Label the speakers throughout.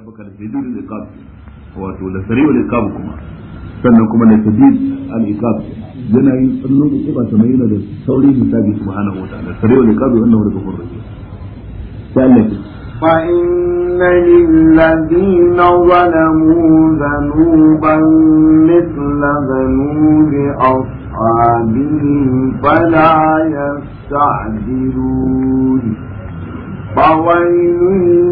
Speaker 1: ربك لشديد العقاب wato la sari'ul iqab kuma sannan kuma la sadid al iqab yana yin tsallo da kiba sama yana da sauri da sabi subhanahu wa ta'ala sari'ul iqab wa annahu ghafurur rahim sai Allah
Speaker 2: فإن للذين ظلموا ذنوبا مثل ذنوب أصحابهم فلا يستعجلون فويل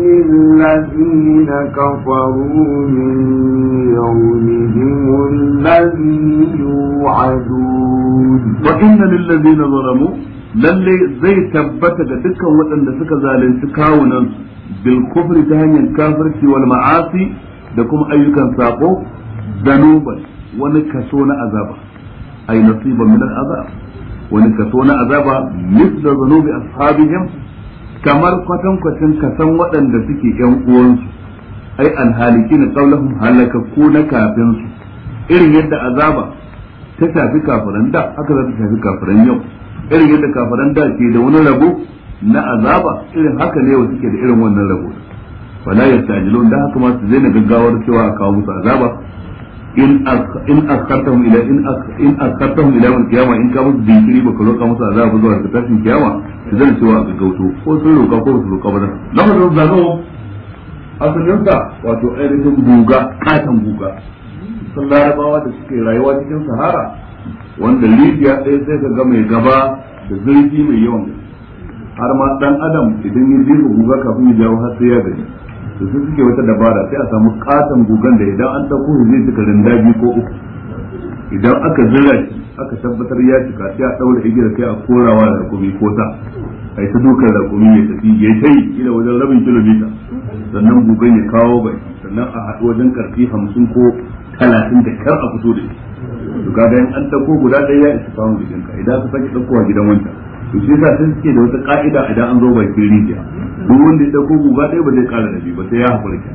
Speaker 2: للذين
Speaker 1: كفروا من يومهم الذي يوعدون وإن للذين ظلموا lalle zai tabbata ga dukkan waɗanda suka zalunci kawunan bil ta hanyar kafirci wal ma'asi da kuma ayyukan sako zanuban wani kaso na azaba ay nasiban min al azab wani kaso na azaba mithla zanubi ashabihim kamar kwatankwacin ka san waɗanda suke yan uwansu ai alhaliki na halaka ko na kafin su irin yadda azaba ta shafi kafiran da haka za ta shafi kafiran yau irin yadda kafiran da ke da wani rabo na azaba irin haka ne wasu suke da irin wannan rabo fala yastajilun da haka ma su zai daina gaggawar cewa a kawo musu azaba in in askartahum ila in in askartahum ila yawm kiyama in ka musu ba baka roka musu azabu zuwa ga tashin kiyama zan cewa ga gauto ko sun roka ko su roka ba dan lafazin zano asalin sa wato ainihin guga katan buga sun larabawa da suke rayuwa cikin sahara wanda libya ɗaya sai ka ga mai gaba da zurfi mai yawan har ma dan adam idan ya jefa guga kafin ya jawo har sai ya gani to su suke wata dabara sai a samu katon gugan da idan an dauko shi zai cika rinda biyu ko uku idan aka zira shi aka tabbatar ya cika sai a daura igiyar sai a korawa da rakumi ko ta a yi ta dukar rakumi ya tafi ya kai ila wajen rabin kilomita sannan gugan ya kawo bai sannan a haɗu wajen karfi hamsin ko talatin da kar a fito da shi to kaga in an dauko guda ɗaya ya isa samun jikinka idan aka sake daukowa gidan wancan to shi yasa sai suke da wata ka'ida idan an zo bakin rijiya duk wanda ya dauko guga ɗaya ba zai kara da biyu ba sai ya haƙura ke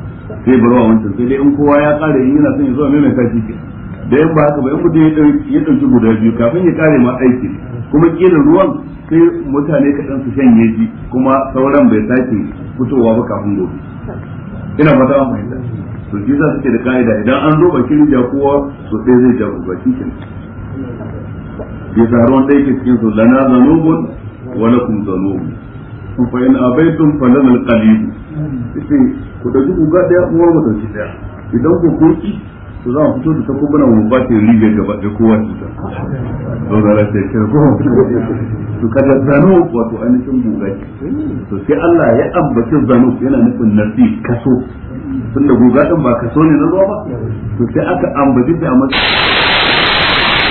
Speaker 1: sai wa wancan sai dai in kowa ya kare yi yana son ya zo a maimaita shi ke da yan ba haka ba in mutum ya dauki guda biyu kafin ya kare ma aiki kuma kila ruwan sai mutane kaɗan su shanye shi kuma sauran bai sake fitowa ba kafin gobe ina fata an fahimta to shi yasa suke da ka'ida idan an zo bakin rijiya kowa so ɗaya zai ja guga
Speaker 3: kenan
Speaker 1: ya taron da yake cikin su lana zanubun wa lakum zanubun fa in abaitum fa lana alqalib sai ku da duk ga daya uwar mu dauki daya idan ku koki to za mu fito da takubuna mu ba ta riga gaba da kowa su ta
Speaker 3: to da la sai ko
Speaker 1: to kada zanu wato ainihin guga to sai Allah ya ambaci zanu yana nufin nasi kaso tunda guga din ba kaso ne na ruwa ba to sai aka ambaci ta a matsayin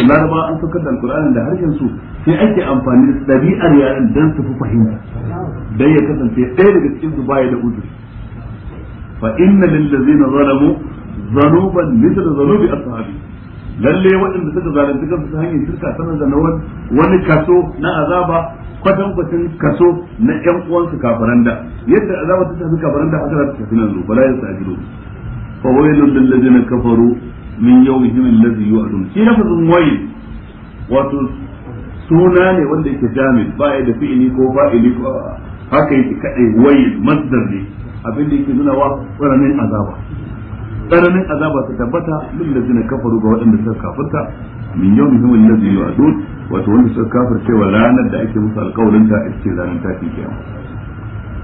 Speaker 1: laraba an saukar da alkur'ani da harshen su sai ake amfani da ɗabi'ar yaren don su fi fahimta dan ya kasance ɗaya daga cikin su baya da uzuri fa inna lillazina zalamu zanuban mithla zanubi ashabi lalle waɗanda suka zalunci kansu ta hanyar shirka sanar da wani kaso na azaba kwatan kwatan kaso na ƴan uwansu kafaran da yadda azaba ta tafi kafaran da haka za ta tafi nan zo bala ya sajiru fa wailul lil ladina kafaru min yawmihim allazi yu'adun shi lafazin wayi wato suna ne wanda yake jamil ba ya da fi'ili ko fa'ili ko haka yake kadai wayi masdar ne abin da yake nuna wa tsananin azaba tsananin azaba ta tabbata da ladina kafaru ga waɗanda suka kafirta min yawmihim allazi yu'adun wato wanda suka kafirce wa ranar da ake musu alƙawarin ta ita ce ranar ta kiyama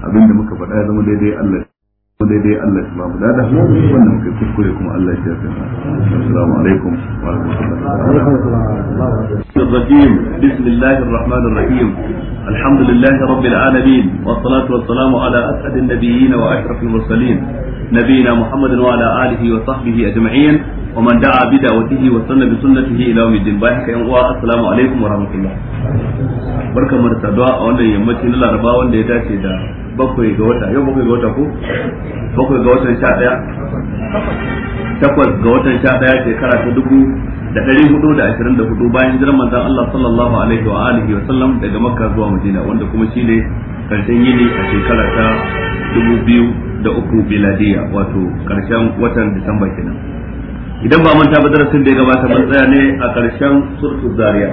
Speaker 1: abin da muka faɗa ya zama daidai Allah dai dai kuma Allah shi ya fi ba. Assalamu alaikum wa rahmatullahi wa barakatuh.
Speaker 4: Bismillahir Rahmanir wa salatu wa salamu ala asadin nabiyyin wa ashrafil mursalin. Nabiyina Muhammadin wa ala alihi wa sahbihi jam'iyyan. wa man da'a bi da'watihi wa sanna bi sunnatihi ila yawmiddin bai haka yan uwa assalamu alaikum wa rahmatullah barkamu da saduwa a wannan yammaci na Laraba wanda ya dace da bakwai ga wata yau bakwai ga wata ko bakwai ga watan 11 takwas ga watan 11 shekara ta dubu da ɗari hudu da ashirin da hudu bayan jiran manzan Allah sallallahu alaihi wa alihi wa sallam daga makka zuwa madina wanda kuma shi ne karshen yini a shekara ta dubu biyu da uku biladiya wato karshen watan disamba kenan idan ba manta ba darasin da ya gabata mun tsaya ne a ƙarshen suratul zariya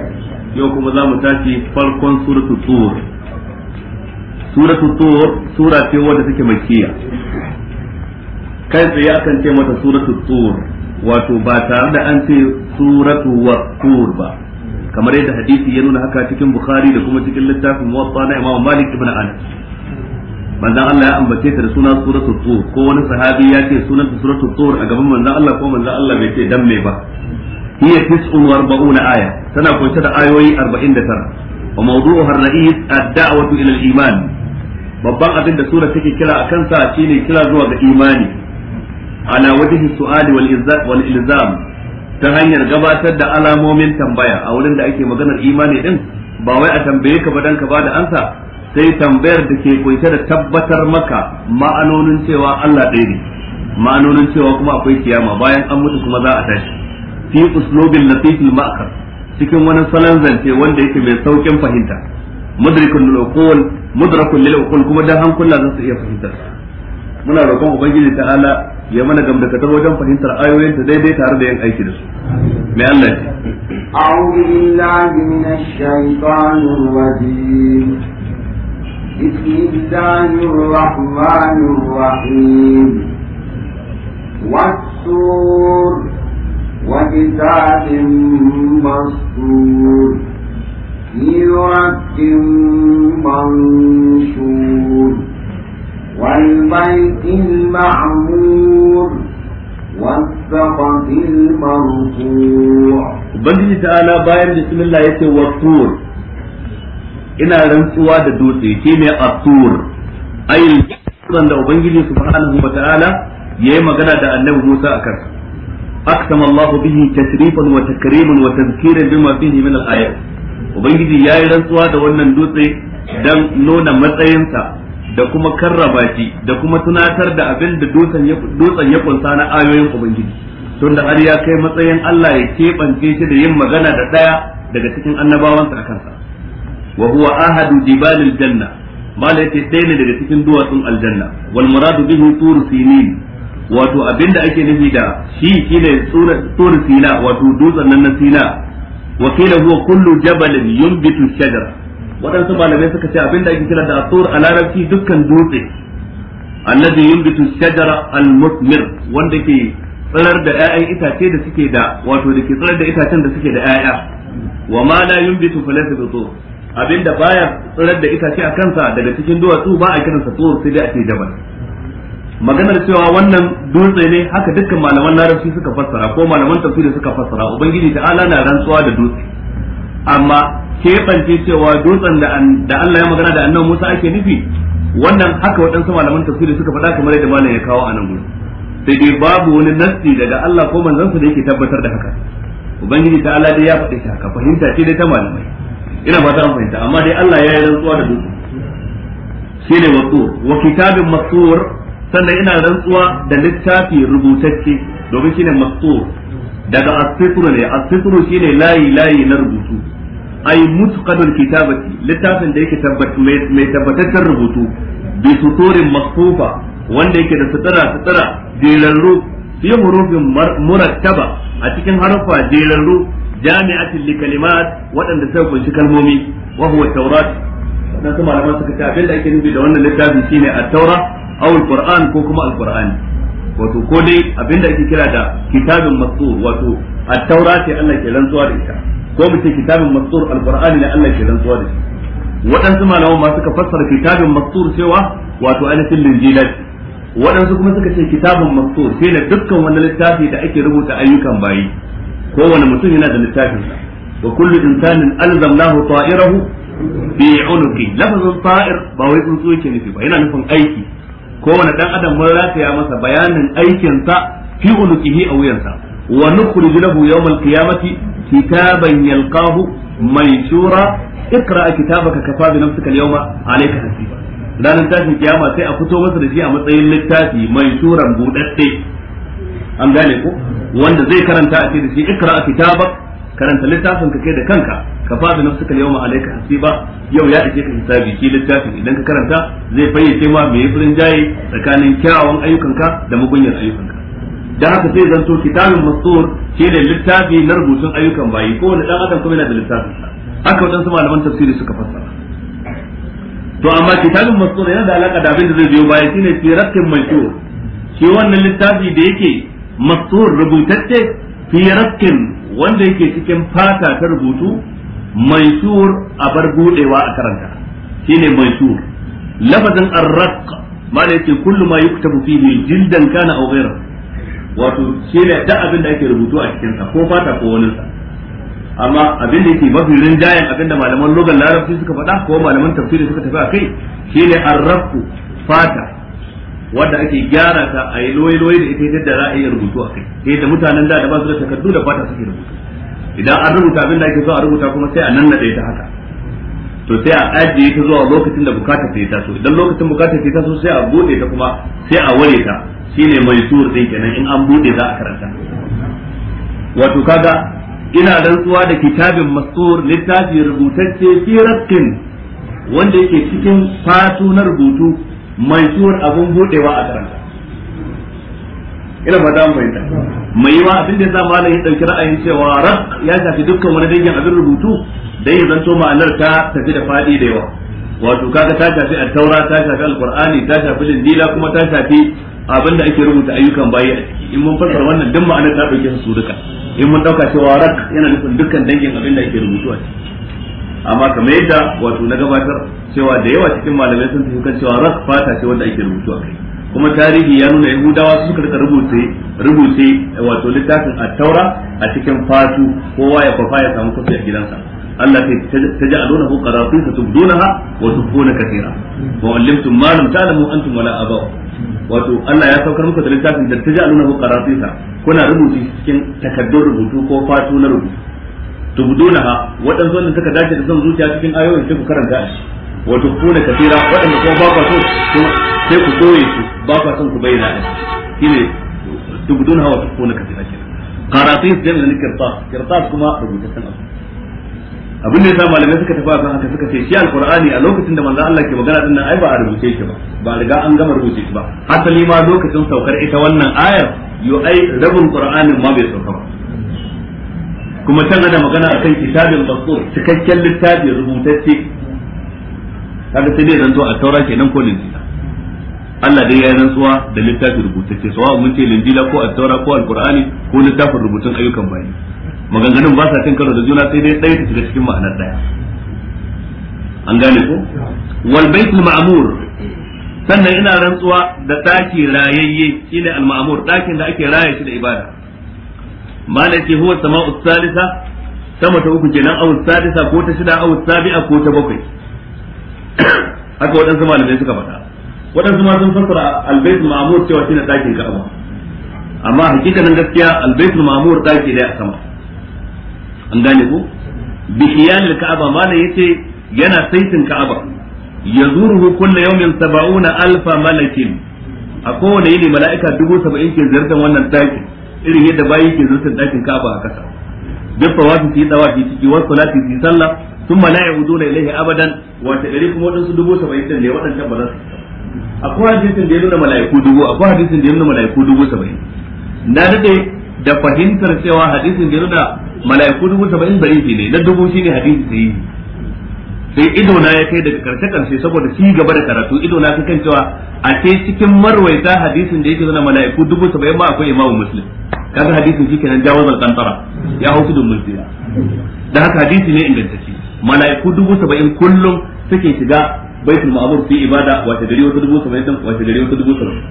Speaker 4: yau kuma za mu tashi farkon suratul tur suratu tur sura ce wadda take makiya kai tsaye akan ce mata suratu tur wato ba tare da an ce suratul tur ba kamar yadda hadisi ya nuna haka cikin bukhari da kuma cikin littafin muwatta na imam malik ibn anas manzon Allah ya ambace ta da suna suratul tur ko wani sahabi ya ce sunan suratul tur a gaban manzon Allah ko manzon Allah bai ce dan me ba hiya tis'un wa arba'una aya tana kunshe da ayoyi 49 wa mawdu'uha ar-ra'is ad-da'watu ila al-iman babban abin da sura take kira akan sa shine kira zuwa ga imani ala wajhi su'ali wal ilzam ta hanyar gabatar da alamomin tambaya a wurin da ake maganar imani din ba wai a tambaye ka ba dan ka ba da ansa sai tambayar da ke kunshe da tabbatar maka ma'anonin cewa Allah ɗaya ne ma'anonin cewa kuma akwai kiyama bayan an mutu kuma za a tashi fi uslubin latifil ma'akar cikin wani salon zance wanda yake mai saukin fahimta mudrikun lil uqul mudrakun lil uqul kuma da hankula zan su iya fahimtar muna roƙon ubangiji ala ya mana gamdakatar wajen fahimtar ayoyin ta daidai tare da yin aiki da su mai Allah ya
Speaker 2: أعوذ بالله من الشيطان الرجيم بسم الله الرحمن الرحيم والسور وكتاب مسطور في رك منشور والبيت المعمور والسقف المرفوع بل ta'ala باين بسم الله wa tur ina rantsuwa
Speaker 4: da dutse ke shine at-tur ayil da ubangiji subhanahu ya yayi magana da annabi Musa akan aksama Allah bihi tashrifan wa takriman wa tadhkiran bima fihi min al-ayat ubangiji yayi rantsuwa da wannan dutse dan nuna matsayinsa da kuma karraba shi da kuma tunatar da abin da dutsen ya kunsa na ayoyin ubangiji tun da har ya kai matsayin Allah ya keɓance shi da yin magana da ɗaya daga cikin annabawansa a kansa wa ahadu dibalil janna mala yace ɗaya ne daga cikin duwatsun aljanna wal muradu bihi tur sinin wato abinda ake nufi da shi shine tur sina wato dutsen nan na sina wa kila huwa kullu jabalin yumbitu malamai suka ce abinda ake kira da tur a larabci dukkan dutse al-musmir wanda ke tsirar da 'ya'yan itace da suke da wato da ke tsirar da itacen da suke da 'ya'ya wa ma la yumbitu falaysa bi abinda baya tsirar da itace a kansa daga cikin duwatsu ba a kiransa tsohon sai dai a ce jabal maganar cewa wannan dutse ne haka dukkan malaman larabci suka fassara ko malaman tafsiri suka fassara ubangiji ala na rantsuwa da dutse amma keɓance cewa dutsen da Allah ya magana da annabi Musa ake nufi wannan haka waɗansu malaman tafsiri suka faɗa kamar yadda malam ya kawo a nan gurin sai dai babu wani nasti daga Allah ko sa da yake tabbatar da haka ubangiji ala dai ya faɗi haka fahimta ce dai ta malamai
Speaker 3: ina fata an fahimta amma dai Allah
Speaker 4: ya yi rantsuwa da dutse shine wasur wa kitabin masur sannan ina rantsuwa da littafi rubutacce domin shine masur daga asitru ne asitru shine layi layi na rubutu ai mutqadul kitabati littafin da yake tabbat mai tabbataccen rubutu bi suturin makfufa wanda yake da sutura sutura jerarru fi hurufin murattaba a cikin harfa jerarru jami'atin li kalimat waɗanda sai kunshi kalmomi wa huwa tawrat dan kuma malaman suka ce abin da ake nufi da wannan littafin shine at-taura aw al-qur'an ko kuma al-qur'ani wato ko dai abin da ake kira da kitabun mastur wato at-taura ce Allah ke rantsuwa da ita ko mu ce kitabun mastur al-qur'ani ne Allah ke rantsuwa da shi waɗansu malaman ma suka fassara kitabun mastur cewa wato alifin linjila waɗansu kuma suka ce kitabun mastur shine dukkan wani littafi da ake rubuta ayyukan bayi kowane mutum yana da littafin sa wa kullu insanin alzamnahu ta'irahu bi unuqi lafazun ta'ir ba wai tsuntsu yake nufi ba yana nufin aiki kowane dan adam mun rataya masa bayanin aikin sa fi unuqihi a wuyansa wa nukhrij lahu yawm al-qiyamati kitaban yalqahu Ikra اقرا كتابك كفى بنفسك اليوم عليك حسيبا ranar tashin kiyama sai a fito masa da shi a matsayin littafi mai suran buɗaɗɗe an gane ko wanda zai karanta a ce da shi ikra kitabak karanta littafin ka kai da kanka ka fada nafsuka yawma alayka hasiba yau ya ake ka hisabi ki littafin idan ka karanta zai fayyace ma me furin jaye tsakanin ayyukan ka da mugunyar ayyukanka dan haka sai zanto kitabun mastur shi ne littafi na rubutun ayyukan bayi ko wanda dan adam kuma yana da littafin sa haka wadansu malaman tafsiri suka fassara to amma kitabun mastur yana da alaka da abin da zai biyo baya shine fi mai manshur shi wannan littafi da yake mastur rubutacce fi rakkin wanda yake cikin fata ta rubutu mansur a bar budewa a karanta shine mansur lafazin arraq mala yake kullu ma yuktabu fihi jildan kana aw ghayra wato shine da abin da ake rubutu a cikin ko fata ko wani sa amma abin da yake mafi rinjayen abin da malaman logan larabci suka faɗa ko malaman tafsiri suka tafi a kai shine arraqu fata wanda ake gyara ta a yi loyi da ita yadda za a rubutu a kai da mutanen da da ba su da takardu da fata suke rubutu idan an rubuta abin da ake so a rubuta kuma sai a nan da ita haka to sai a ajiye ta zuwa lokacin da bukatar ta taso idan lokacin bukatar ta taso sai a bude ta kuma sai a ware ta shine mai sur din kenan in an bude za a karanta wato kaga ina rantsuwa da kitabin masur littafi rubutacce fi wanda yake cikin fatu na rubutu mai suwar abun budewa a karanta ina ba damu mai mai yiwa abin da zama sa ya dauki ra'ayin cewa rak ya shafi dukkan wani dangin abin rubutu da ya zanto ma'anar ta tafi da fadi da yawa wato kaga ta shafi a taura ta shafi al-qur'ani ta shafi linjila kuma ta shafi abin da ake rubuta ayyukan bayi a ciki in mun fassara wannan duk ma'anar ta dauke su duka in mun dauka cewa rak yana nufin dukkan dangin abin da ake rubutu a ciki amma kamar yadda wato na gabatar cewa da yawa cikin malamai sun tafi kan cewa ras fata ce wanda ake rubutu a kai kuma tarihi ya nuna yahudawa su suka rubuce rubuce wato littafin a taura a cikin fatu kowa ya kwafa ya samu kofi a gidansa Allah ta ta karatu qaratisa tubdunaha wa tubduna kathira wa allimtum ma lam ta'lamu antum wala abaw wato Allah ya saukar muku da littafin da ta taj'alunahu qaratisa kuna rubuce cikin takaddun rubutu ko fatu na rubutu tubdunaha waɗansu wanda suka dace da son zuciya cikin ayoyin sai ku karanta shi ku tukuna kafira? waɗanda kuma ba ku so sai ku soye su ba ku son ku bayyana shi shine tubdunaha wa tukuna kathira kenan qaratis dan ne kirtas kirtas kuma rubutaccen abu abin da ya sa malamai suka tafi akan haka suka ce shi alqur'ani a lokacin da manzo Allah ke magana din nan ai ba a rubuce shi ba ba riga an gama rubuce shi ba asali ma lokacin saukar ita wannan ayar yo ai rabin qur'anin ma bai sauka ba kuma can da magana akan kitabin basur cikakken littafi rubutacce kaga sai dai zanto a taura kenan ko linjila Allah dai ya rantsuwa da littafin rubutacce sawa mun ce linjila ko at-taura ko al-qur'ani ko littafin rubutun ayyukan bayi maganganun ba sa cin karo da juna sai dai ɗaya ta shiga cikin ma'anar ɗaya an gane ko wal baitul ma'mur sannan ina rantsuwa da ɗaki rayayye shine al-ma'mur ɗakin da ake raye shi da ibada malaki huwa sama'u salisa sama ta uku kenan aw sadisa ko ta shida aw sabi'a ko ta bakwai haka waɗansu malamai suka faɗa waɗansu ma sun fassara albayt ma'mur cewa shine dakin ka'aba amma hakikanin gaskiya albayt ma'mur ɗaki ne a sama an gane ko bihiyan ka'aba malam yace yana saitin ka'aba yazuruhu kullu yawmin 70 alfa malakin a kowane yini mala'ika dubu saba'in ke ziyartar wannan dakin. irin yadda bayi ke zurtar dakin Ka'aba a kasa duk wasu su yi tsawafi ciki wasu salati su sallah sun ma la ya'uduna ilaihi abadan wata ɗari kuma wadansu dubu saba'in din ne waɗancan ba za su akwai hadisin da ya nuna mala'iku dubu akwai hadisin da ya nuna mala'iku dubu saba'in na dade da fahimtar cewa hadisin da ya nuna mala'iku dubu saba'in barifi ne na dubu shine hadisi sai sai ido na ya kai daga karshe karshe saboda shi gaba da karatu ido na kan cewa a ce cikin marwaita hadisin da yake zana mala'iku dubu saba'in ma akwai imamu muslim kaga hadisin shi kenan jawazal kantara ya hau sudun mulkiya da haka hadisi ne ingantacce mala'iku dubu saba'in kullum suke shiga baitul ma'mur fi ibada wace dari wata dubu saba'in din wace dari wata dubu saba'in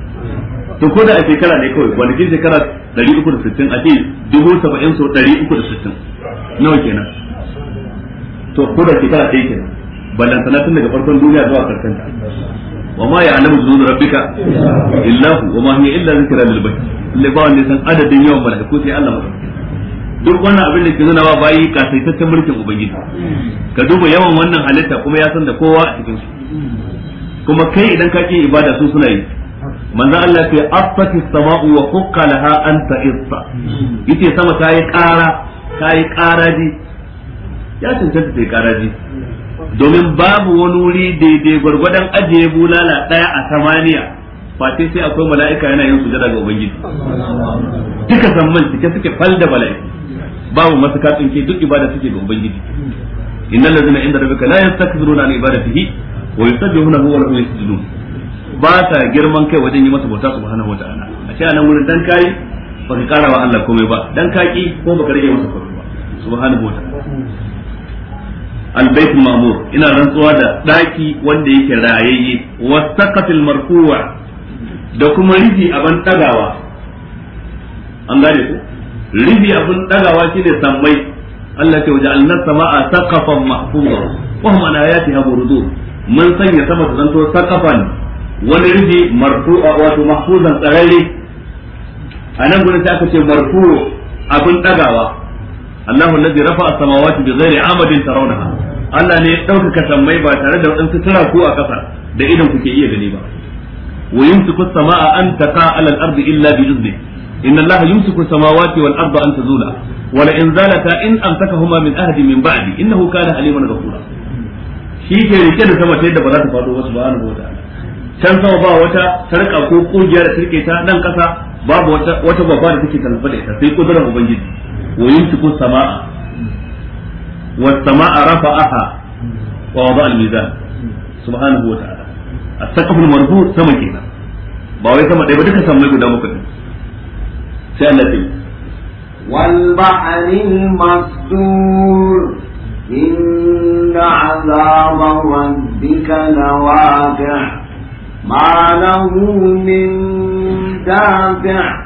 Speaker 4: to ko da a shekara ne kawai wanda kin shekara 360 a ce dubu saba'in so 360 nawa kenan to ko da shekara ɗaya kenan ballantana tun daga farkon duniya zuwa karshen ta وما يعلم جنود ربك الا هو وما هي الا ذكرى للبشر اللي ba wanda san adadin yawan malaiku sai Allah madaukakin duk wannan abin da ke nuna wa bayi kasaitaccen mulkin ubangiji ka duba yawan wannan halitta kuma ya san da kowa a cikin su kuma kai idan ka ki ibada su suna yi manzo Allah ya ce afati sama'u wa fukka laha anta issa yace sama ta yi ƙara ta yi ƙaraji ya cancanta ta yi ƙaraji domin babu wani wuri daidai gwargwadon ajiye bulala daya a samaniya face sai akwai mala'ika yana yin sujada ga ubangiji duka samman cike suke fal da mala'iku babu masu ke duk ibada suke ga ubangiji innal ladzina inda rabbika la yastakbiruna an ibadatihi wa na wa lahu yasjudun ba ta girman kai wajen yi masa bauta subhanahu wataala a ce anan wurin dan kai baka kara wa Allah komai ba dan kaki ko baka rage masa komai ba subhanahu wataala albaytul ma'mur ina rantsuwa da ɗaki wanda yake rayayye wasaqatil marfu'a da kuma rufi abin dagawa an gane ku rufi abin dagawa shine sammai Allah ke waje annas sama'a saqafan mahfuza wa hum ala ayatiha burudun mun sanya sama ta zanto saqafan wani rufi marfu'a wato mahfuzan tsararre anan gurin sai aka ce abin Allahu allazi rafa'a as-samawati bi Allah ne ya ɗaukaka sammai ba tare da waɗansu tara ko a ƙasa da idan kuke iya gani ba wa yumsiku samaa an taqa ala al-ardi illa bi izni inna Allah yumsiku samawati wal arda an tazula wa la in zalata in amsakahuma min ahadi min ba'di innahu kana aliman ghafura shi ke rike da sama ta yadda ba za ta faɗo ba subhanahu wa can sama ba wata sarka ko ƙungiya da take ta nan ƙasa babu wata wata babba da take tallafa da ita sai kudurar ubangiji wa yumsiku samaa والسماء رفعها ووضع الميزان سبحانه وتعالى السقف المرفوع سما كينا باوي سما داي بدك سما غدا مكو sai Allah ta
Speaker 2: والبحر المسجور إن عذاب ربك لواقع ما له من دافع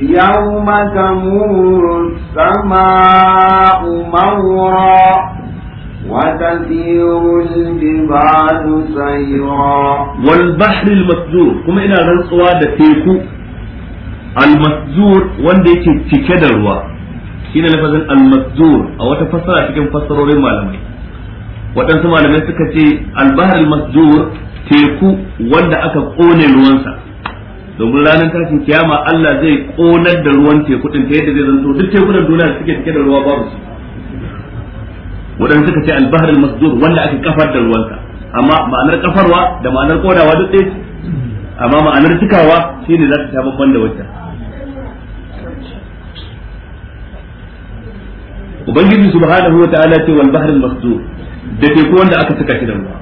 Speaker 2: يوم تمور السماء مورا وتسير الجبال سيرا والبحر المسجور كما إلى رنسوا تيكو
Speaker 4: المسجور وندي تكدر shine lafazin al-masdur a wata fassara cikin fassarorin malamai waɗansu malamai suka ce al-bahr al teku wanda aka kone ruwansa domin ranar tashin kiyama Allah zai konar da ruwan teku din ta yadda zai zanto duk tekunan duniya da suke cike da ruwa babu su wadanda suka ce albahar masdur wanda aka kafar da ruwanka, amma ma'anar kafarwa da ma'anar kodawa duk ɗaya amma ma'anar cikawa ne za ta sha babban da wacce ubangiji subhanahu wa ta'ala ce wal bahr al masdur da teku wanda aka saka shi da ruwa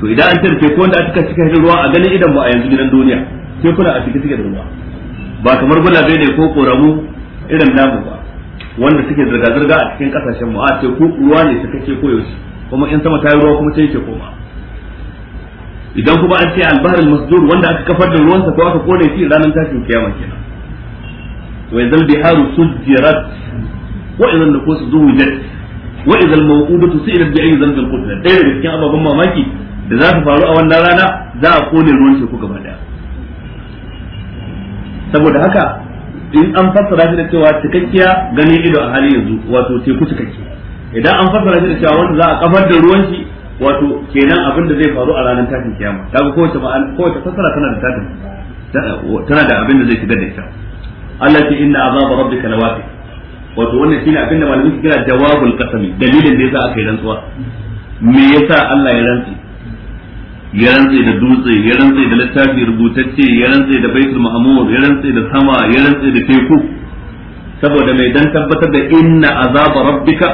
Speaker 4: to idan an tarke ko wanda aka cika hidin ruwa a ganin idan ba a yanzu gidan duniya sai kuna a cike cike da ruwa ba kamar gulabe ne ko koramu irin namu ba wanda suke zirga zirga a cikin kasashen mu a ce ko ruwa ne suka ce ko yaushe kuma in sama ta yi ruwa kuma sai yake koma idan kuma an ce albahar masdur wanda aka kafar da ruwansa ko aka kone shi ranar tashin kiyama kenan wa idhal biharu sujjirat wa idhal nufus zuwijat wa idhal mawqudatu su'ilat bi ayyi dhanbin qutilat dai da cikin ababen mamaki da za su faru a wannan rana za a kone ruwan teku gaba daya saboda haka in an fassara shi da cewa cikakkiya ganin ido a hali yanzu wato teku cikakke idan an fassara shi da cewa wanda za a kafar da ruwan shi wato kenan abin da zai faru a ranar tashin kiyama ga kowace ma'an kowace fassara tana da tashin tana da abin da zai shigar da ita Allah ce inna azab rabbika lawaqi wato wannan shine abin da malamin kira jawabul qasami dalilin da yasa aka yi rantsuwa me yasa Allah ya rantsi ya rantse da dutse ya rantse da littafi rubutacce ya rantse da baitul ma'mur ya rantse da sama ya rantse da teku saboda mai dan tabbatar da inna azaba rabbika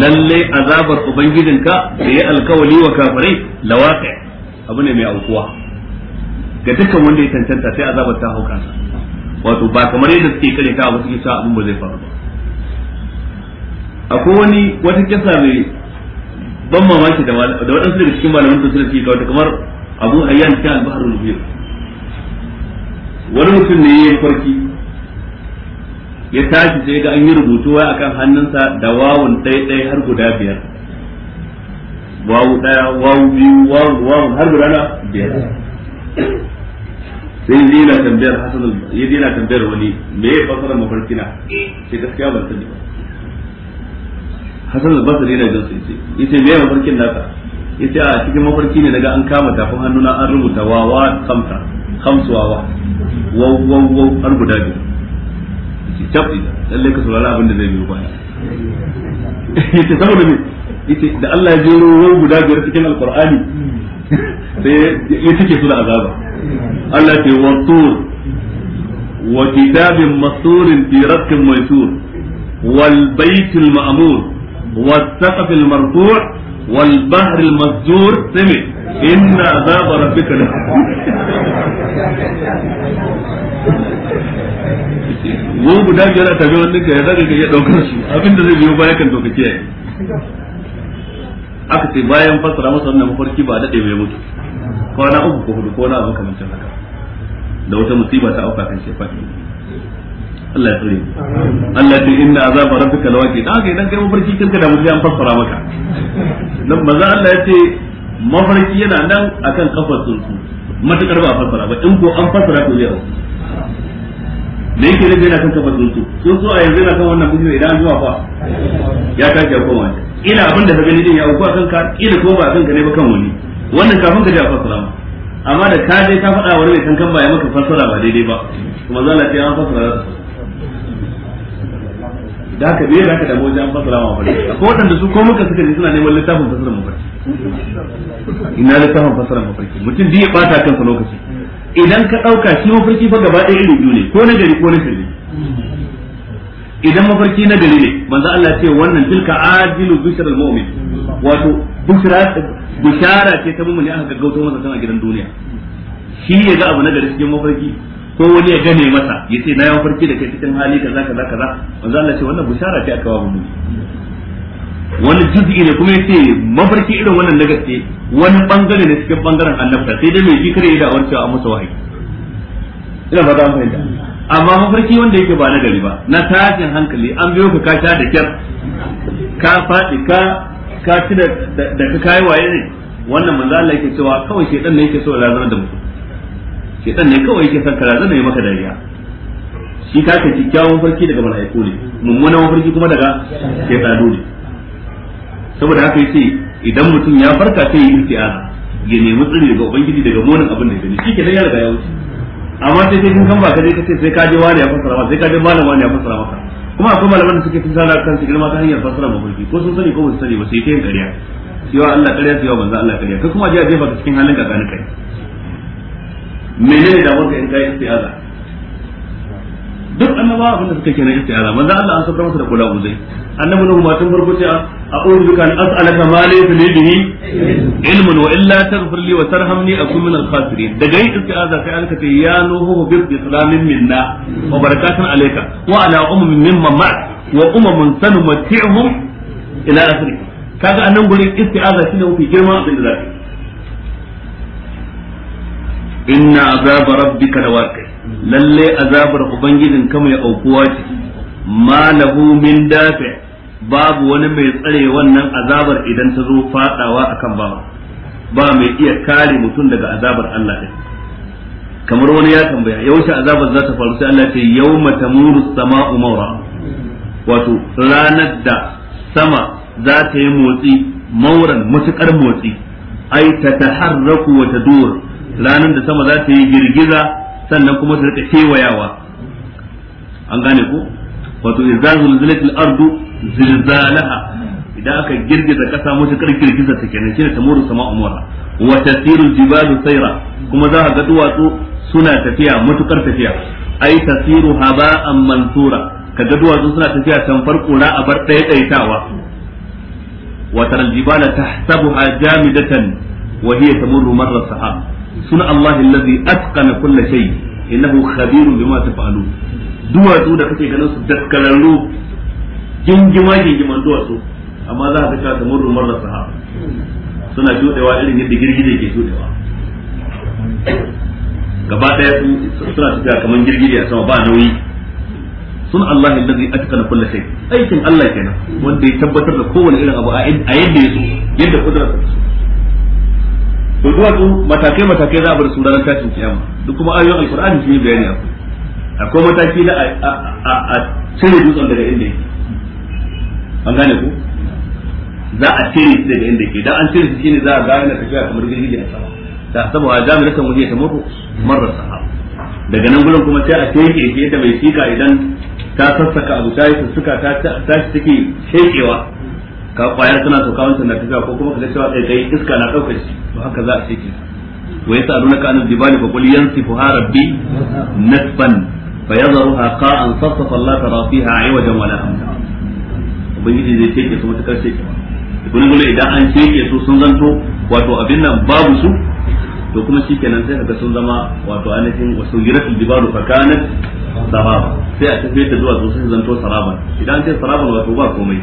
Speaker 4: lalle azabar ubangijinka da ya alkawali wa kafirai lawaqi abu ne mai aukuwa ga dukkan wanda ya tantanta sai azabar ta hauka wato ba kamar yadda suke kare ta ba suke sa abin ba zai faru ba akwai wani wata kisa mai ban mamaki da da waɗansu daga cikin malaman tafsir suke kawo kamar Abu ayyan ta al-Bahr al-Bir wani mutum ne yayin farki ya tashi sai ga an yi rubutu wai akan hannunsa da wawun ɗaya har guda biyar wawu ɗaya wawu biyu wawu wawu har guda na biyar sai yi yana tambayar hasan yi dina tambayar wani me ya fasara mafarkina sai gaskiya ban sani ba hasan al-basri yana jin sai yace me mafarkin naka yace a cikin mafarki ne daga an kama tafin hannuna an rubuta wawa kamta kamsu wawa waw waw waw har guda biyu yace tabbi lalle ka saurara abin da zai biyo baya yace saboda me yace da Allah ya jero waw guda biyar cikin alqur'ani sai ya cike su da azaba Allah ce wa tur
Speaker 1: wa kitabin masurin fi rakkin maisur wal baitul ma'mur والسقف المرفوع والبحر المسجور
Speaker 4: سمع إن عذاب ربك mun guda biyar a tabi wani ka yadda ka iya daukar su abin da zai biyo baya kan doka kiyaye aka ce bayan fassara masa wannan mafarki ba daɗe mai mutu kwana uku ko hudu ko na kamar haka da wata musiba ta auka kan shefa Allah ya tsare Allah ya ce inna azaba rabbika lawaqi da haka idan kai mafarki kanka da mutum an fassara maka dan maza Allah ya ce mafarki yana nan akan kafar sunsu matakar ba a fassara ba in ko an fassara to zai auku me yake nufi yana kan kafar sun so a yanzu yana kan wannan mutum idan an zuwa fa ya tashi ya koma ina abin da ka gani din ya auku kan ka ina ko ba kan ka ne ba kan wani wannan kafin ka ji a fassara ma amma da ka je ka faɗa wani mai kankan ba ya maka fassara ba daidai ba kuma zalafi an fassara da haka me ka damu wajen fasara wa mafarki akwai waɗanda su ko muka suka ne suna neman littafin fasara fari ina littafin fasara mafarki mutum duk ya bata kansa lokaci idan ka ɗauka shi mafarki fa gaba ɗaya iri biyu ne ko na gari ko na shirme idan mafarki na gari ne manzo Allah ce wannan tilka ajilu bishra mu'min wato bishra bishara ce ta ne aka gaggauto masa tana gidan duniya shi ya ga abu na gari cikin mafarki ko wani ya gane masa ya ce na yawan farki da kai cikin hali kaza kaza kaza manzo Allah ce wannan bishara ce aka wa mu wani juz'i ne kuma yace mafarki irin wannan na gaske wani bangare ne cikin bangaren annabta sai dai mai shi kare da wancewa a masa wahayi ina fata an fahimta amma mafarki wanda yake ba na gari ba na tashin hankali an biyo ka ka sha da kyar ka faɗi ka ka ci da ka kayi waye ne wannan manzo Allah yake cewa kawai shedan ne yake so ya da mutum shedan ne kawai yake son karazan yi maka dariya shi ka ce kyakkyawan farki daga mala'iku ne mummunan farki kuma daga shedanu ne saboda haka yace idan mutum ya farka sai yi istiaza ya nemi tsiri daga ubangiji daga monin abin da ya gani shi kenan ya riga ya wuce amma sai dai kun kan ba ka dai kace sai ka je wani ya fassara maka sai ka je malam wani ya fassara maka kuma akwai malaman da suke fassara kan su girma ta hanyar fassara mafarki ko sun sani ko ba su sani ba sai ta yin kariya cewa Allah ƙarya cewa manzo Allah ƙarya kai kuma je a jefa ka cikin halin ka kai menene da masa in kai istiaza duk annaba abin da suka kenan istiaza manzo Allah an sabra masa da kula uzai annabi nuhu matan farko ce as'alaka ma laysa li bihi ilmun wa illa taghfir li wa tarhamni akun min al-khasirin daga yin istiaza sai an kace ya nuhu bi islamin minna wa barakatun alayka wa ala ummin mimman ma'ak wa ummun sanumati'hum ila akhirih kaga annan gurin istiaza shine mafi girma abin da zaka inna azaba rabbika lawaqi lalle azabar ubangijin ka ya aukuwa ce ma lahu min dafi babu wani mai tsare wannan azabar idan ta zo fadawa akan bawa ba mai iya kare mutum daga azabar Allah din kamar wani ya tambaya yaushe azabar za ta faru sai Allah ce yawma tamuru sama'u mawra wato ranar da sama za ta yi motsi mauran matukar motsi ai ta taharraku wa tadur ranar da sama za ta yi girgiza sannan kuma ta rika kewayawa an gane ku. wato idza zulzilatil ardu zilzalaha idan aka girgiza kasa mutukar girgiza ta kenan shine tamuru sama'u murra wa tasiru jibalu sayra kuma za ka ga duwatsu suna tafiya matukar tafiya ai tasiru haba'an mansura Ka kaga duwatsu suna tafiya tamfar kura a bar ɗaiɗaitawa wa taral jibala tahsabuha jamidatan wa hiya tamurru marra sahab suna Allah allazi atqana shay innahu bima da kake ganin su daskararru amma za ka ta murru marra suna irin yadda ke gaba su tafiya kamar girgije a sama ba nauyi sun Allah allazi atqana kulli shay aikin Allah kenan wanda ya tabbatar da kowane irin abu a yadda ya yadda kudrar to duwatsu matakai matakai za a bar su ranar tashin kiyama duk kuma ayoyin alkur'ani sun yi bayani akwai akwai mataki na a cire dutsen daga inda yake an gane ku? za a cire shi daga inda yake dan an cire shi shine za a ga yana tafiya kamar girgije a sama da sabu a jami'ar kan waje ta mutu marar sahaba daga nan gurin kuma sai a teke yake yadda mai shika idan ta sassaka abu ta yi sussuka ta ta take shekewa ka kwayar tana sauka wancan na tafiya ko kuma ka cewa kai kai iska na daukar shi to haka za a ce ki wa yasalunaka anil jibali fa qul yansifu ha rabbi nasfan fa yadharuha qa'an safafa la tara fiha aywajan wala amta ubangiji zai ce ki su mutakar ce ki ibn gulu idan an ce ki su sun zanto wato abin nan babu su to kuma shikenan sai kaga sun zama wato ainihin wasu yiratul jibalu fa kanat saraba sai a tafi da zuwa sun zanto sarabar idan an ce sarabar wato ba komai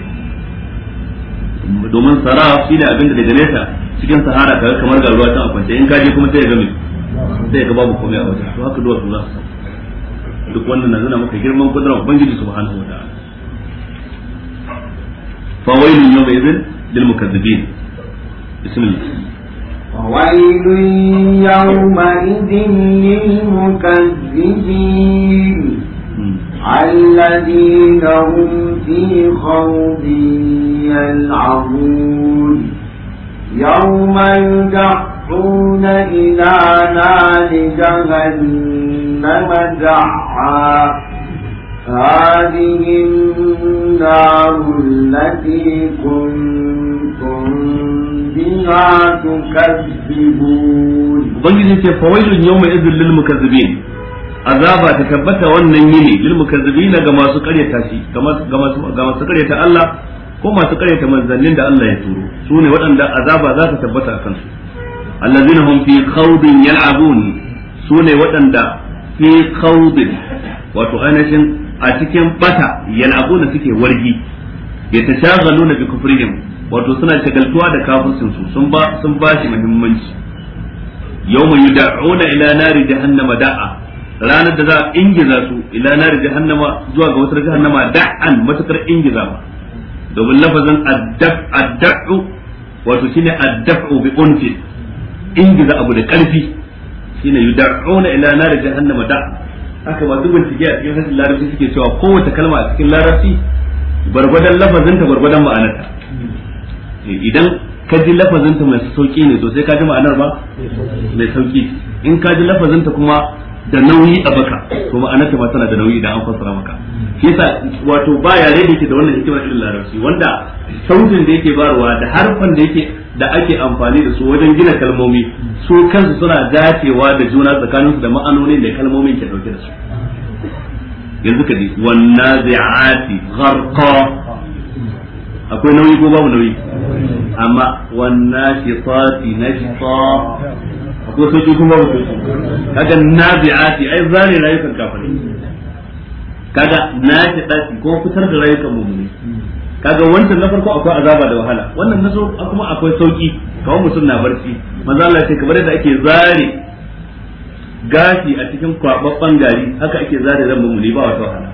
Speaker 4: domin sara shine abin da daga nesa cikin sahara kaga kamar ga ruwa ta akwance in kaje kuma sai ya gami sai ga babu komai a wajen to haka duwatsu za su duk wannan na nuna maka girman kudura ubangiji subhanahu wa ta'ala wataala فويل يومئذ lil بسم bismillah
Speaker 2: وويل يومئذ للمكذبين الذين هم في خوض يلعبون يوم يدعون إلى نار جهنم دعا هذه النار التي كنتم بها تكذبون.
Speaker 4: بنجد فويل يومئذ للمكذبين. azaba ta tabbata wannan yini lil mukazzibina ga masu karyata shi ga masu ga masu karyata Allah ko masu karyata manzannin da Allah ya turo sune waɗanda azaba za ta tabbata a kansu allazina hum fi khawdin yal'abun su ne waɗanda fi khawdin wato ainihin a cikin bata yal'abuna suke wargi yatashaghaluna bi kufrihim wato suna shagaltuwa da kafircin su sun ba sun ba shi muhimmanci yawma yud'una ila nari jahannama da'a ranar da za a ingiza su ila nar jahannama zuwa ga wutar jahannama da'an matukar ingiza ba domin lafazin adda'u wato shine adda'u bi unfi ingiza abu da karfi shine yud'una ila nar jahannama da haka ba duk bincike a cikin hasin larabci suke cewa kowace kalma a cikin larabci gwargwadon lafazinta gwargwadon ta. Eh, idan ka ji ta mai sauki ne to sai ka ji ma'anar ba mai sauki in ka ji ta kuma da nauyi a baka to ma'anar ta ba tana da nauyi idan an fassara maka shi yasa wato ba yare da yake da wannan hikimar irin larabci wanda sautin da yake barwa da harfan da yake da ake amfani da su wajen gina kalmomi su kansu suna dacewa da juna tsakaninsu da ma'anonin da kalmomin ke dauke da su yanzu ka ji wannazi'ati gharqa akwai nauyi ko babu nauyi amma shi wannashitati nashita ko ki kuma ku kaga nabi'ati ai zane rayukan kafirai kaga na ta dafi ko fitar da rayukan mu'mini kaga wancan na farko akwai azaba da wahala wannan na kuma akwai sauki kawai mutum na barci maza Allah sai kamar yadda ake zare gashi a cikin kwababban gari haka ake zare ran mu'mini ba wata wahala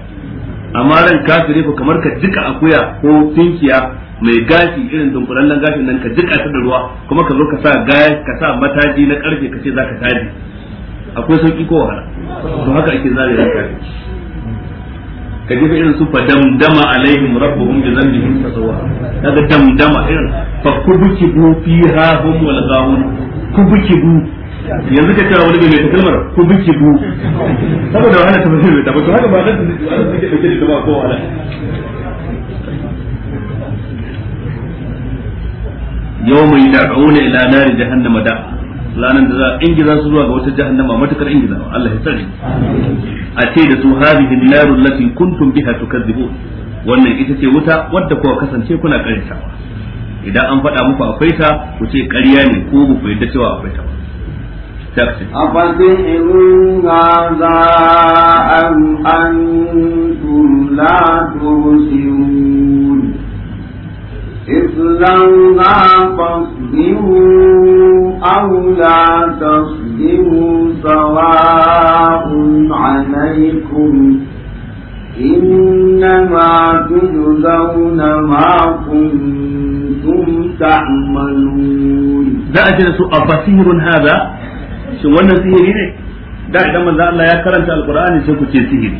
Speaker 4: amma ran kafiri ko kamar ka jika akuya ko tinkiya mai gashi irin dunkulallen gashin nan ka jika ta da ruwa kuma ka zo ka sa gaya ka sa mataji na karfe ka ce za ka tari akwai sauki ko wahala to haka ake zare ranka ka jefa irin su fa damdama alaihim rabbuhum bi dhanbihim tasawwa daga damdama irin fa kubuki bu fiha hum wal gawun
Speaker 5: kubuki bu yanzu ka tara wani mai takalmar kubuki bu saboda wahala ta fashe ta ba to haka ba dan su ke dauke da ba ko wahala
Speaker 4: yawma yad'una ila nari jahannama da lanan da za a ingiza su zuwa ga wata jahannama matakar ingiza Allah ya tsare a ce da su hadhihi an-naru allati kuntum biha tukadzibun wannan ita ce wuta wadda kowa kasance kuna karinta idan an faɗa muku akwai ta ku ce ƙarya ne ko ku yadda cewa akwai ta ba
Speaker 2: أفتحرون هذا أم أنتم لا تبصرون اصلوها فاصبروا أو لا تصبروا سواء عليكم إنما تجزون ما كنتم تعملون da a
Speaker 4: su a basirun haza shin wannan sihiri ne da idan manzo Allah ya karanta alqur'ani sai ku ce sihiri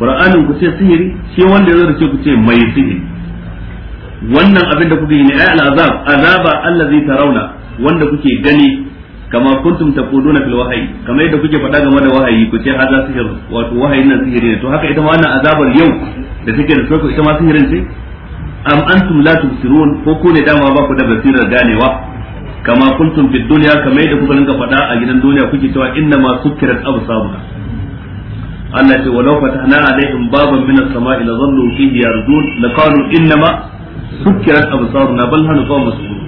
Speaker 4: qur'anin ku ce sihiri shi wanda ya zo da ce ku ce mai sihiri wannan abin da kuke yi ne ai al'azab azaba allazi tarawna wanda kuke gani kama kuntum taquluna fil wahyi kamar yadda kuke faɗa game da wahayi ku ce hada sihir wato wahayin nan sihiri ne to haka ita ma wannan azabar yau da take da soko ita ma sihirin ce am antum la tubsirun ko ku ne dama ba ku da basirar ganewa kama kuntum fid dunya kamar yadda kuka rinka faɗa a gidan duniya kuke cewa inna ma sukkirat absaruna Allah ce walau fatahna alaihim baban minas sama'i la dhallu fihi yardun laqalu inna ma sukkirat na bal hanu qawm muslimun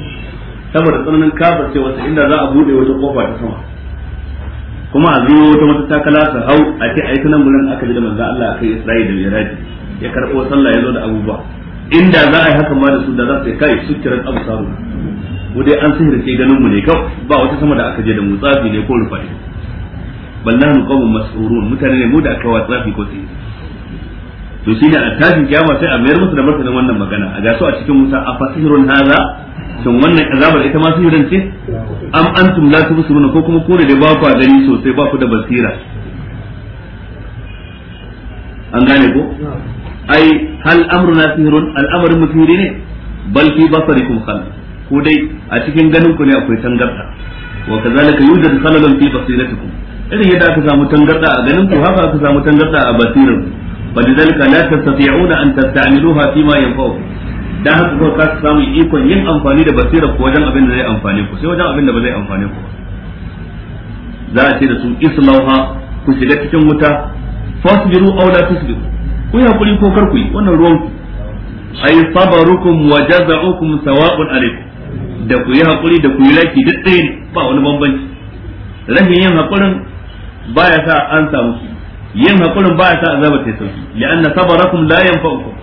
Speaker 4: saboda tsananin kafa ce wata inda za a bude wata kofa ta sama kuma a zo wata wata takala ta hau a ce ai tunan gurin aka ji da manzo Allah kai Isra'i da Miraji ya karbo sallah ya zo da abubuwa inda za a yi haka ma da su da za su kai sukkirat absaruna mu dai an sihirce ganin mu ne kawai ba wata sama da aka je da mu tsafi ne ko rufa'i ballahu qawmun mas'urun mutane ne mu da aka wa tsafi ko sihir to shine a tashin kiyama sai a mayar musu da martanin wannan magana a gasu a cikin musa a fasihirun haza shin wannan azabar ita ma sihirin ce am antum la tubsiruna ko kuma kone da ba ku gani sosai ba ku da basira an gane ko ai hal amru na sihirun al'amarin musiri ne bal fi basarikum khal ko dai a cikin ganin ku ne akwai tangarda wa kazalika yujadu khalalun fi basiratikum irin yadda aka samu tangarda a ganin ku haka aka samu tangarda a basirar ku falidalika la tastati'una an tasta'miluha fima yanfa'ukum dan haka ko ka samu ikon yin amfani da basira ko wajen abin da zai amfane ku sai wajen abin da ba zai amfane ku za a ce da su islauha ku shiga cikin wuta fasbiru aw la tusbiru ku yi hakuri ko kar ku yi wannan ruwan ku ay sabarukum wa jazaukum sawa'un alaykum da ku yi hakuri da ku yi laki duk ɗaya ne ba wani bambanci rashin yin hakurin baya sa an samu yin hakurin ba a sa azaba ta sauki li'anna sabarakum la yanfa'ukum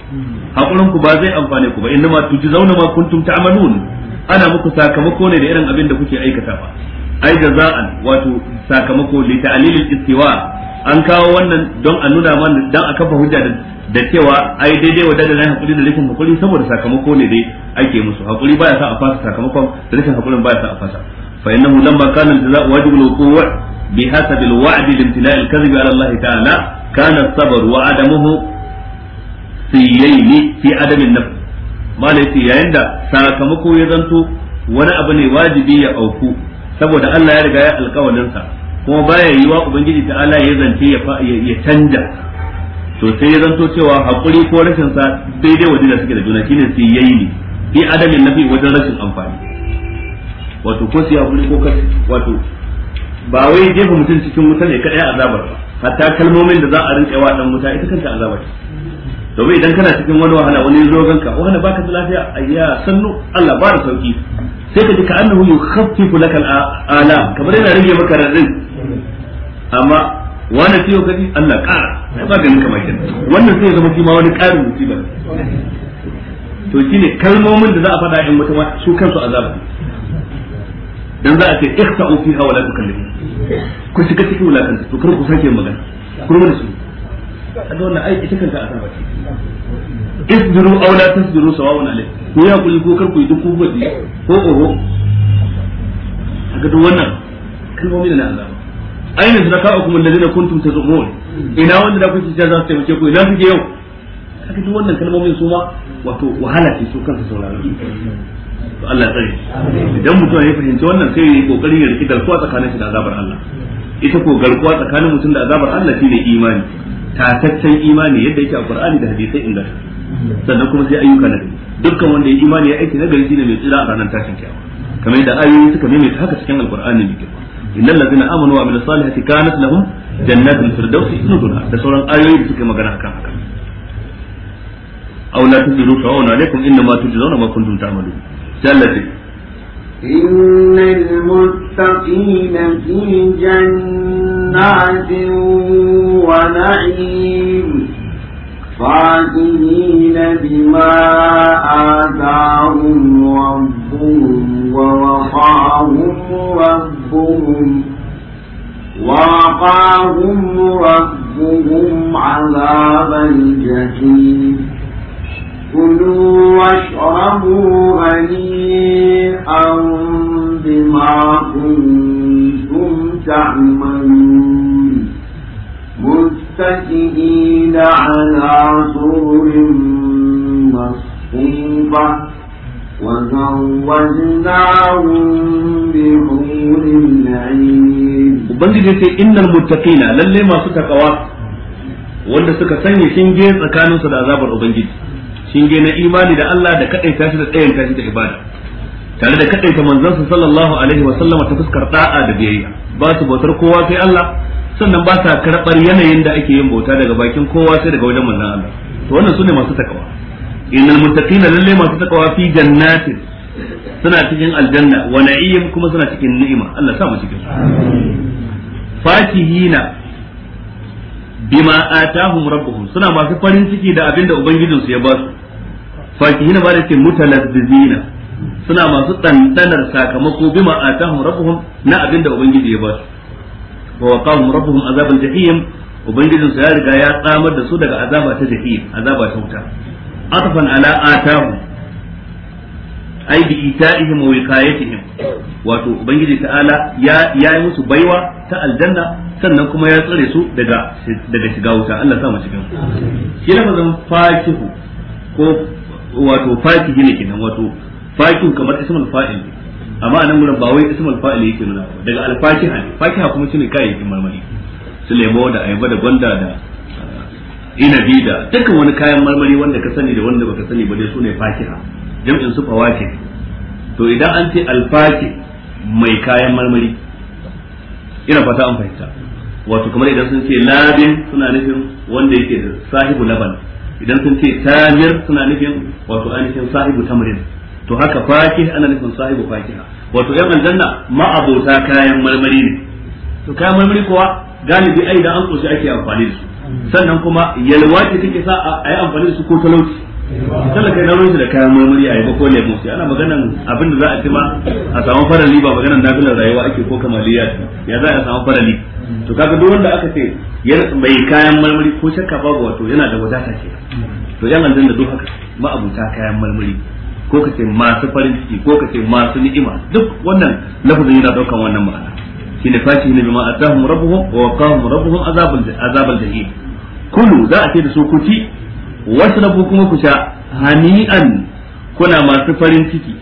Speaker 4: hakurin ku ba zai amfani ku ba inna ma tujzauna ma kuntum ta'malun ana muku sakamako ne da irin abin da kuke aikata ba ai jaza'an wato sakamako li ta'lilil istiwa an kawo wannan don a nuna man dan a kafa hujja da cewa ai daidai wa dadana hakuri da rikin hakuri saboda sakamako ne dai ake musu hakuri baya sa a fasa sakamakon da rikin hakurin baya sa a fasa fa innahu lamma kana al-jaza'u wajibul wuqu' بحسب الوعد لامتلاء الكذب على الله تعالى كان الصبر وعدمه سيين في عدم النفس ما ليس يعند ساكمكو يزنتو ولا أبني واجبي يا اوكو saboda Allah ya riga ya alkawalinsa kuma baya yiwa ubangiji ta Allah ya zance ya canja to sai ya zanto cewa hakuri ko rashin sa daidai wajen da suke da juna shine sai yayi ne fi adamin nafi wajen rashin amfani wato ko sai hakuri ko kashi wato ba wai jefa mutum cikin wuta ne kadai azabar ba hatta kalmomin da za a rinka yawa dan wuta ita kanta azaba ce domin idan kana cikin wani wahala wani zo ganka wahala baka da lafiya ayya sannu Allah ba da sauki sai ka ji ka annahu yukhaffifu laka al'ala kamar yana rage maka radin amma wani ciwo kaji Allah ƙara sai ba ganin kamar kin wannan sai ya zama shi ma wani ƙarin musiba to shine kalmomin da za a faɗa in mutum su kansu azaba dan za a ce ikhta'u fiha wa la tukallifu ku shiga cikin wulakanta to kar ku sake magana ku rubuta su kaga wannan ai ita kanta asaba ce isduru aw la tasduru sawa'un alaykum ku ya kuli ko kar ku yi duk kuma gudi ko oho kaga duk wannan kalmomi na azaba aina zaka'ukum alladhina kuntum tazumun ina wanda da kuke cewa za su ce ku ina suke yau kaga duk wannan kalmomin su ma wato wahala ce su kansu sauraron to Allah ya tsare idan mutum ya fahimci wannan sai yi kokarin ya riki garkuwa tsakanin da azabar Allah ita ko garkuwa tsakanin mutum da azabar Allah shine imani tataccen imani yadda yake a Qur'ani da hadisai inda sannan kuma sai ayyuka na gari dukkan wanda ya imani ya aiki na gari shine mai tsira a ranar tashin kiyama kamar yadda ayoyi suka ta haka cikin al alqur'ani ne girma innal ladzina amanu wa amilus salihati kanat lahum jannatul firdausi nuzula da sauran ayoyi da suka magana akan haka aw la tuziru fa'una alaikum inna ma tujzauna ma kuntum
Speaker 2: جلتي إن المتقين في جنات ونعيم فاكهين بما آتاهم ربهم ووقاهم ربهم ووقاهم ربهم عذاب الجحيم كلوا واشربوا هنيئا بما كنتم تعملون متكئين على سرر مصفوفة
Speaker 4: Ubangiji ce innal muttaqina lalle masu takawa wanda suka sanya shinge tsakaninsu da azabar Ubangiji Shin ge na imani da Allah da kadai tashi da tsayin tashi da ibada tare da kadai ta manzon sa sallallahu alaihi wa sallama ta fuskar da'a da biyayya ba su bautar kowa sai Allah sannan ba sa karbar yanayin da ake yin bauta daga bakin kowa sai daga wajen manzon Allah to wannan sune masu takawa innal muttaqina lalle masu takawa fi jannatin suna cikin aljanna wa na'im kuma suna cikin ni'ima Allah sa mu cikin fakihina bima atahum rabbuhum suna masu farin ciki da abinda ubangijinsu ya ba su fakihina ma da ce mutalazzizina suna masu ɗanɗanar sakamako bima atahum rabbuhum na abin da ubangiji ya ba su wa waqahum rabbuhum azabal jahim ubangijin su ya riga ya tsamar da su daga azaba ta jahim azaba ta wuta atafan ala atahum ai bi ita'ihim wa wiqayatihim wato ubangiji ta'ala ya ya yi musu baiwa ta aljanna sannan kuma ya tsare su daga daga shiga wuta Allah sa mu cikin shi lafazin fakihu ko wato fakihi ne kenan wato fakihu kamar ismul fa'il amma anan gurin ba wai ismul fa'il yake nuna daga alfakiha ne fakiha kuma shine kayayyakin marmari su lemo da ayaba da gwanda da uh, inabi da dukkan wani kayan marmari wanda ka sani da wanda baka sani ba dai sune fakiha jam'in su fawaki to idan an ce alfaki mai kayan marmari ina fata an fahimta wato kamar idan sun ce labin suna nufin wanda yake da sahibu laban idan sun ce tamir suna nufin wato ainihin sahibu tamrin to haka fakih ana nufin sahibu fakiha wato yan aljanna ma'abota kayan marmari ne to kayan marmari kuwa galibi ai da an koshi ake amfani da su sannan kuma yalwa ce take sa a yi amfani da su ko talauci sallah kai nauyin da kayan marmari a ba ko lemu sai ana maganan abin da za a ci ma a samu farali ba maganan nafilar rayuwa ake ko kamaliya ya za a samu farali to kaga duk wanda aka ce mai kayan marmari ko shakka babu wato yana da wadata ke to yan da duk haka ma'abuta kayan marmari ko ka ce masu farin ciki ko ka ce masu ni'ima duk wannan lafazin yana daukan wannan ma'ana shine fashi ne bima atahum rabbuhum wa waqahum rabbuhum azabal azabal jahim kulu za a ce da su kuci wasu rabu kuma ku sha hani'an kuna masu farin ciki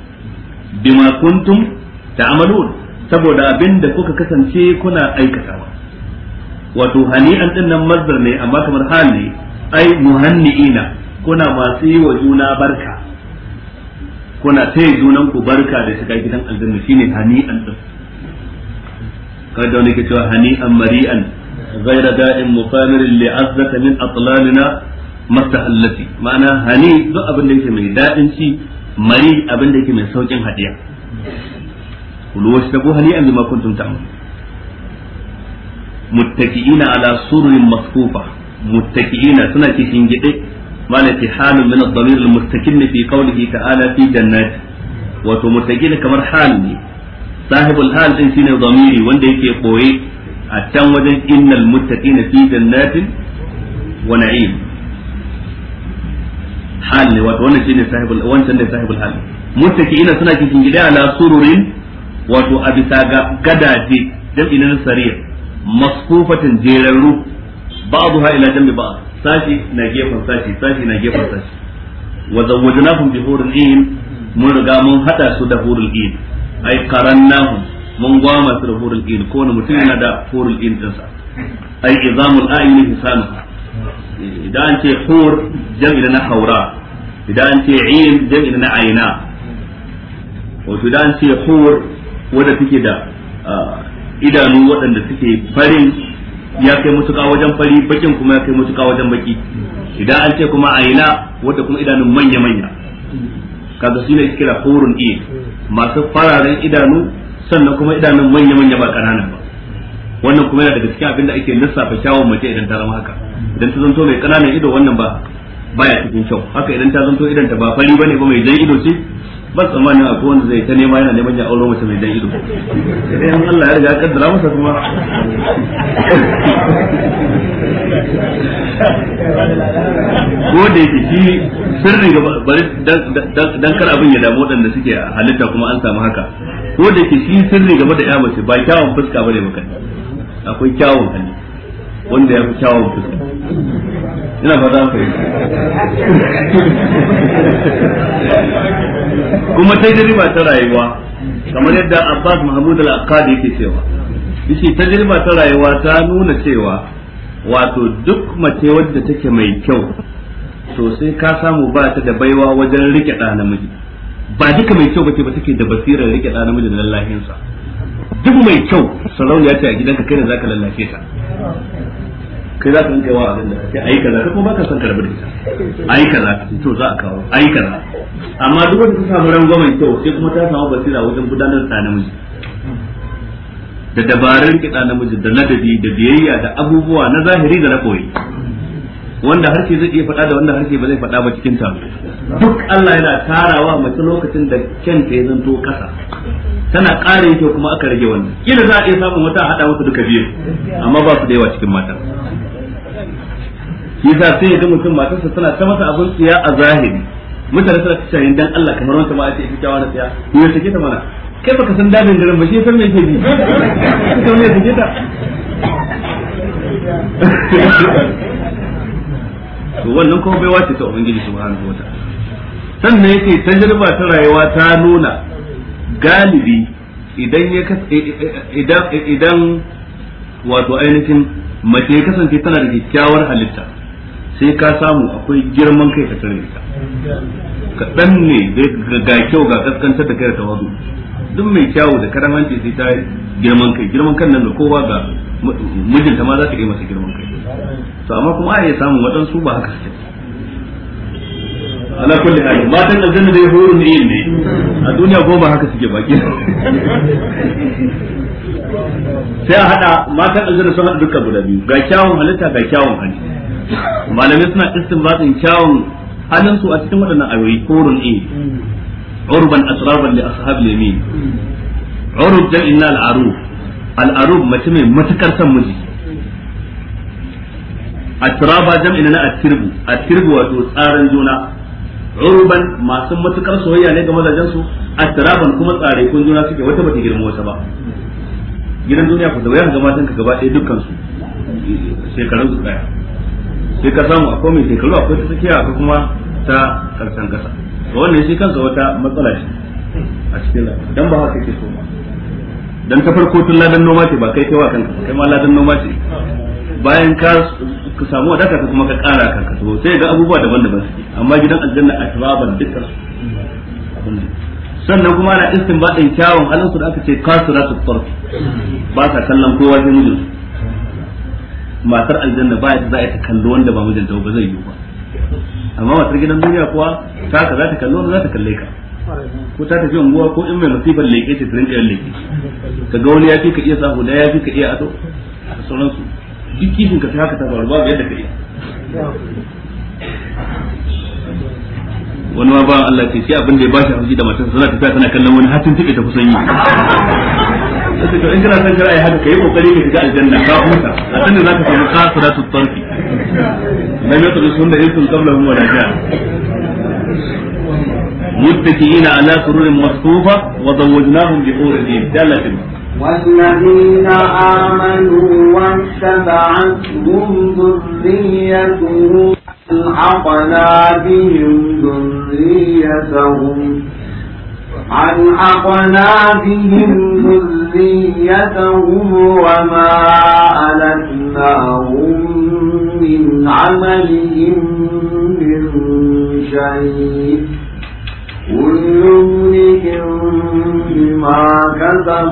Speaker 4: bima kuntum ta'malun saboda abin da kuka kasance kuna aikatawa wato hani'an din nan mazdar ne amma kamar hali ai muhanni'ina kuna masu yi wa juna barka kuna taya junan ku barka da shiga gidan aljanna shine hani'an din da wani ke cewa hani'an mari'an غير داء مقامر لعزة من masta مستحلتي Ma'ana hani duk abin da yake mai daɗin ci mari abin da yake mai saukin hadiya kulu wasu tabu hani an bima kuntum ta'malun muttaki'ina ala sururin masfufa muttaki'ina suna kishin gide mana ce halin min ad-damir al-muttakin fi qawlihi ta'ala fi jannat wato muttakin kamar hal ne sahibul hal din zamiri wanda yake koye a can wajen innal muttaqina fi jannatin wa na'im hal ne wato wannan shine sahibul wancan ne sahibul hal suna ala sururin wato bisa ga gadaje jam'i na sariya masfufatin jerarru ha ila jambi ba sashi na gefen sashi sashi na gefen sashi wa zawwajnahum bi hurul ain mun riga mun hada su da hurul ain ai karannahum mun gwama su da hurul ain ko ne mutum yana da hurul ain din sa ai izamul a'yun hisan idan an ce hur jam'i na haura idan an ce ain jam'i na aina wato idan an ce hur wanda take da ah, idanu waɗanda suke farin ya kai mutuka wajen fari bakin kuma ya kai mutuka wajen baki idan an ce kuma aina wanda kuma idanun manya manya kaga shi ne kira hurun iya masu fararen idanu sannan kuma idanun manya manya ba kanana ba wannan kuma yana daga cikin abin da ake lissafa kyawun mace idan ta zama haka idan ta zanto mai kananan ido wannan ba baya cikin kyau haka idan ta zanto idan ta ba fari bane ba mai jan ido ce ba tsammanin a wanda zai ta nema yana neman ya auro mace mai dan ido sai dai Allah ya riga ya kaddara masa kuma ko da yake shi sirri ga bari dan kar abin ya damu waɗanda suke halitta kuma an samu haka ko da yake shi sirri game da ya mace ba kyawun fuska bane maka akwai kyawun hali wanda ya fi kyawun fuska ina fata fahimta kuma tajriba ta rayuwa kamar yadda Abbas Mahmud al-Aqadi yake cewa ta tajriba ta rayuwa ta nuna cewa wato duk mace wadda take mai kyau to sai ka samu ba ta da baiwa wajen rike ɗa namiji ba duka mai kyau bace ba take da basirar rike ɗa namiji da sa duk mai kyau sarauniya ce a gidanka kai ne zaka lallace ta kai za ka san yawa abin da sai ayi kaza ka kuma baka son ka da ita ayi kaza to za a kawo ayi kaza amma duk wanda ta samu rangwamen kyau sai kuma ta samu basira wajen gudanar da namiji da dabarun kiɗa namiji da ladabi da biyayya da abubuwa na zahiri da na koyi wanda harshe zai iya faɗa da wanda harshe ba zai faɗa ba cikin ta duk Allah yana tarawa mace lokacin da kyanta ya zanto kasa tana ƙara yake kuma aka rage wannan kila za a iya samun wata haɗa wasu duka biyu amma ba su da yawa cikin mata shi yasa sai ya ga mutum matarsa tana ta masa abin tsiya a zahiri mutane suna tashayin dan Allah kamar wanda ma ake fita wani tsiya ya sake ta mana kai baka san dadin garin ba shi san me yake bi kai ne sake ta to wannan kuma bai wace ta ubangiji subhanahu wataala sannan yake tajriba ta rayuwa ta nuna galibi idan ya idan idan wato ainihin mace ya kasance tana da kyakkyawar halitta sai ka samu akwai girman kai ka tare ta kaɗan ne ga kyau ga kaskantar da kai da tawazu duk mai kyau da karamanci sai ta girman kai girman kan nan da kowa ga mijinta ma za ta yi masa girman kai to amma kuma a iya samun waɗansu ba haka suke ala kulli hal matan aljanna dai horo ne ne a duniya ko ba haka suke baki sai a hada matan aljanna sun hada dukkan guda biyu ga kyawun halitta ga kyawun hali malamai suna istinbatin kyawun halin su a cikin waɗannan ayoyi hurun e urban asraban li ashab yamin urub jam'in al-aruf al-aruf mace mai matukar san miji atraba jam'in na atirbu atirbu wato tsaran juna urban masu matukar soyayya ne ga mazajen su atraban kuma tsare kun juna suke wata bata girma wata ba gidan duniya ku da wayan ga matan ka gaba ɗaya dukkan su shekarun su daya sai ka samu akwai mai shekaru akwai ta tsakiya akwai kuma ta karshen kasa to wannan shi kansa wata matsala ce a cikin lafiya dan ba haka ke so ma dan ta farko tun ladan noma ce ba kai kai wa kanka kai ma ladan noma ce bayan ka ka samu wadaka ka kuma ka ƙara ka to sai ga abubuwa daban-daban suke amma gidan aljanna a asraban dukkan sannan kuma ana ɗin kyawun halin su da aka ce kasuratu tarf ba sa kallon kowa sai mijin matar aljanna ba ya za ta kallo wanda ba mijinta ba zai yi ba amma matar gidan duniya kuwa ta ka za ta kallo wanda za ta kalle ka ko ta tafi unguwa ko in mai musibar leƙe ce ta rinƙa yin ka ga wani ya fi ka iya sahu da ya fi ka iya ato sauransu duk kishin ka haka ta babu yadda ka wani ma ba Allah ke sai abin da ya bashi hauji da matarsa suna tafiya tana kallon wani hatin tibe ta kusan yi sai to in kana son shari'a haka kai kokari ka shiga aljanna ka huta a sanin zaka samu kasratu tarfi lam yatru sunna yusul qablahum wala ja'a ala sururin سرور مصفوفة وزوجناهم بحور عين ثلاثة
Speaker 2: والذين آمنوا واتبعتهم ذريتهم ألحقنا بهم ذريتهم ألحقنا بهم ذريتهم وما ألتناهم من عملهم من شيء كل امرئ بما كسب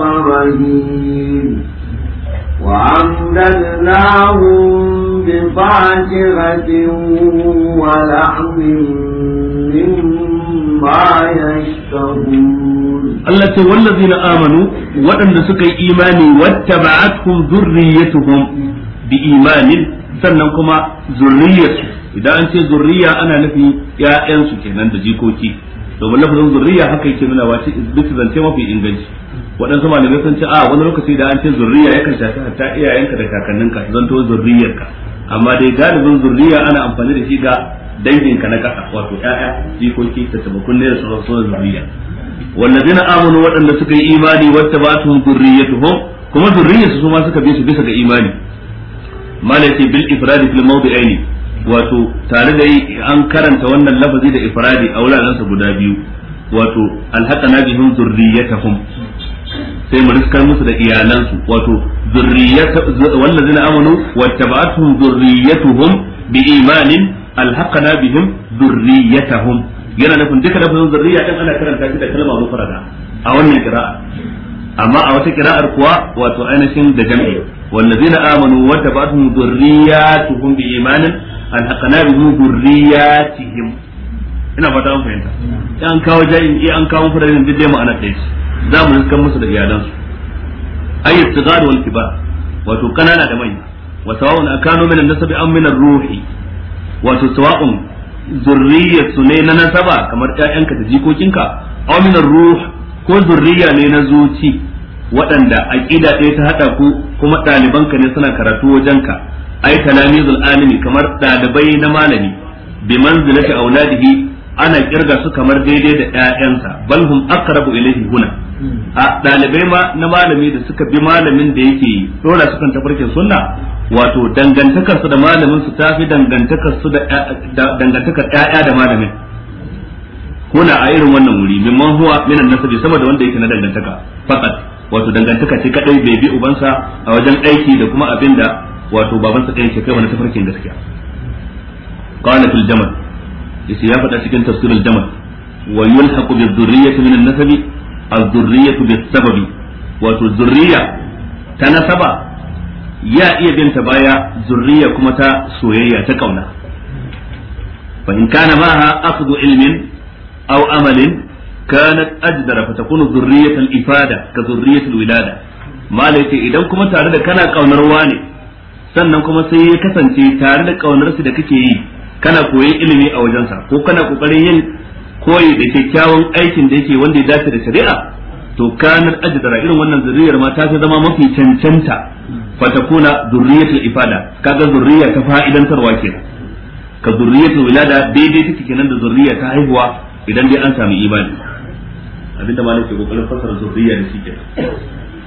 Speaker 4: Allah ce wallazi na amanu waɗanda suka yi imani wata ya tuhum bi imanin sannan kuma zurriyarsu idan an ce zurriya ana nufi ‘ya’yansu kenan da jikoki’ domin lafazin zurriya haka yake nuna wa duk zance mafi inganci waɗansu malamai sun ce a wani lokaci da an ce zurriya yakan shafi hatta iyayenka da kakanninka to zurriyarka amma dai galibin zurriya ana amfani da shi ga danginka na kasa wato ƴaƴa jikoki da tabakun ne da sauran zurriya wallazina amanu waɗanda suka yi imani wattaba'atuhum zurriyatuhum kuma zurriyarsu su ma suka bi su bisa ga imani malai bil ifradi fil mawdi'aini wato tare da yi an karanta wannan lafazi da ifradi a wulalansa guda biyu wato alhaqana bihim hum sai mu riskar musu da iyalansu wato zurriyatu wallazina amanu wattaba'atuhum zurriyatuhum biimanin alhaqana bihim hum yana nufin duka lafazin zurriya din ana karanta shi da kalma mufrada a wannan kira'a amma a wata kira'ar kuwa wato ainihin da jam'i wallazina amanu wa tabatum dhurriyyatuhum bi imanin alhaqna bihim dhurriyyatihim ina fata an fahimta an kawo jami'in eh an kawo furadin duk dai ma'ana ɗaya za mu riskan musu da iyalansu ay istighar wal kibar wato kanana da manya wa sawa'un akanu min an-nasab am min wato sawa'un ne na nasaba kamar ƴaƴanka da jikokinka aw min ko zurriya ne na zuci waɗanda aƙida ɗaya ta haɗa ku kuma ɗalibanka ne suna karatu wajenka ai talamizul alimi kamar ɗalibai na malami bi manzilati auladihi ana kirga su kamar daidai da ƴaƴansa bal hum aqrabu ilayhi huna a ɗalibai ma na malami da suka bi malamin da yake dora su kan tafarkin sunna wato dangantakar su da malamin su tafi dangantakar su da dangantakar ƴaƴa da malamin huna a irin wannan wuri mimman huwa minan nasabi sama da wanda yake na dangantaka fakat wato dangantaka ce kadai bai bi ubansa a wajen aiki da kuma abin da wato babansa kai ke kai wani tafarkin gaskiya qala fil jamal yace ya faɗa cikin tafsirul jamal wa yulhaqu bi dhurriyyati minan nasabi az-dhurriyyatu bis-sababi wato zurriya ta nasaba ya iya ta baya zurriya kuma ta soyayya ta ƙauna fa in kana ma'aha akhdhu Au amalin kanat ajdara fa takunu zurriyatul ifada ka zurriyatul wilada malai ce idan kuma tare da kana kaunarwa ne sannan kuma sai ya kasance tare da kaunar da kake yi kana koyan ilimi a wajensa ko kana kokarin yin koyi da kyakkyawan aikin da yake wanda ya dace da shari'a to kanar ajdara irin wannan zurriyar ma ta zama mafi cancanta fatakuna takuna zurriyatul ifada kaga zurriya ta fa'idantarwa kenan ka zurriyatul wilada daidai ke nan da zurriya ta haihuwa idan dai an sami imani abinda malik ke kokarin fasara zurriya da shi kenan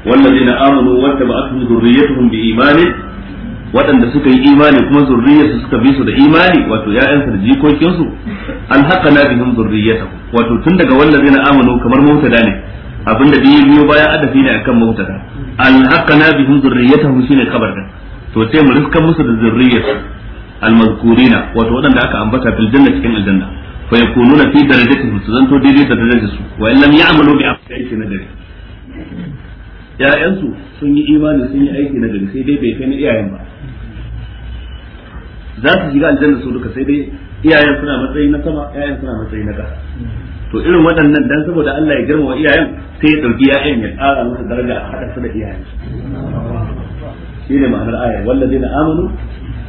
Speaker 4: wallazina amanu wa tabatuhum zurriyatuhum bi imani Wadanda suka yi imani kuma zurriyarsu suka bi su da imani wato ya'yansu da jikokinsu alhaka na bihim zurriyatahu wato tun daga wallazina amanu kamar mutada ne abinda biyu biyo bayan adafi ne akan mutada alhaka na bihim zurriyatahu shine kabar da to sai mu rifkan musu da zurriyarsu almazkurina wato waɗanda aka ambata fil janna cikin aljanna fa yakununa fi darajatihim su zanto daidai da darajar su wa illam ya'malu bi aiki na gari Ya'yansu sun yi imani sun yi aiki na gari sai dai bai kai na iyayen ba za su shiga aljanna su sai dai iyayen suna na sama suna na to irin waɗannan dan saboda Allah ya girmama iyayen sai ya ya'yan iyayen ya ƙara musu daraja a haɗa su da iyayen shi ne ma'anar aya wallazina amanu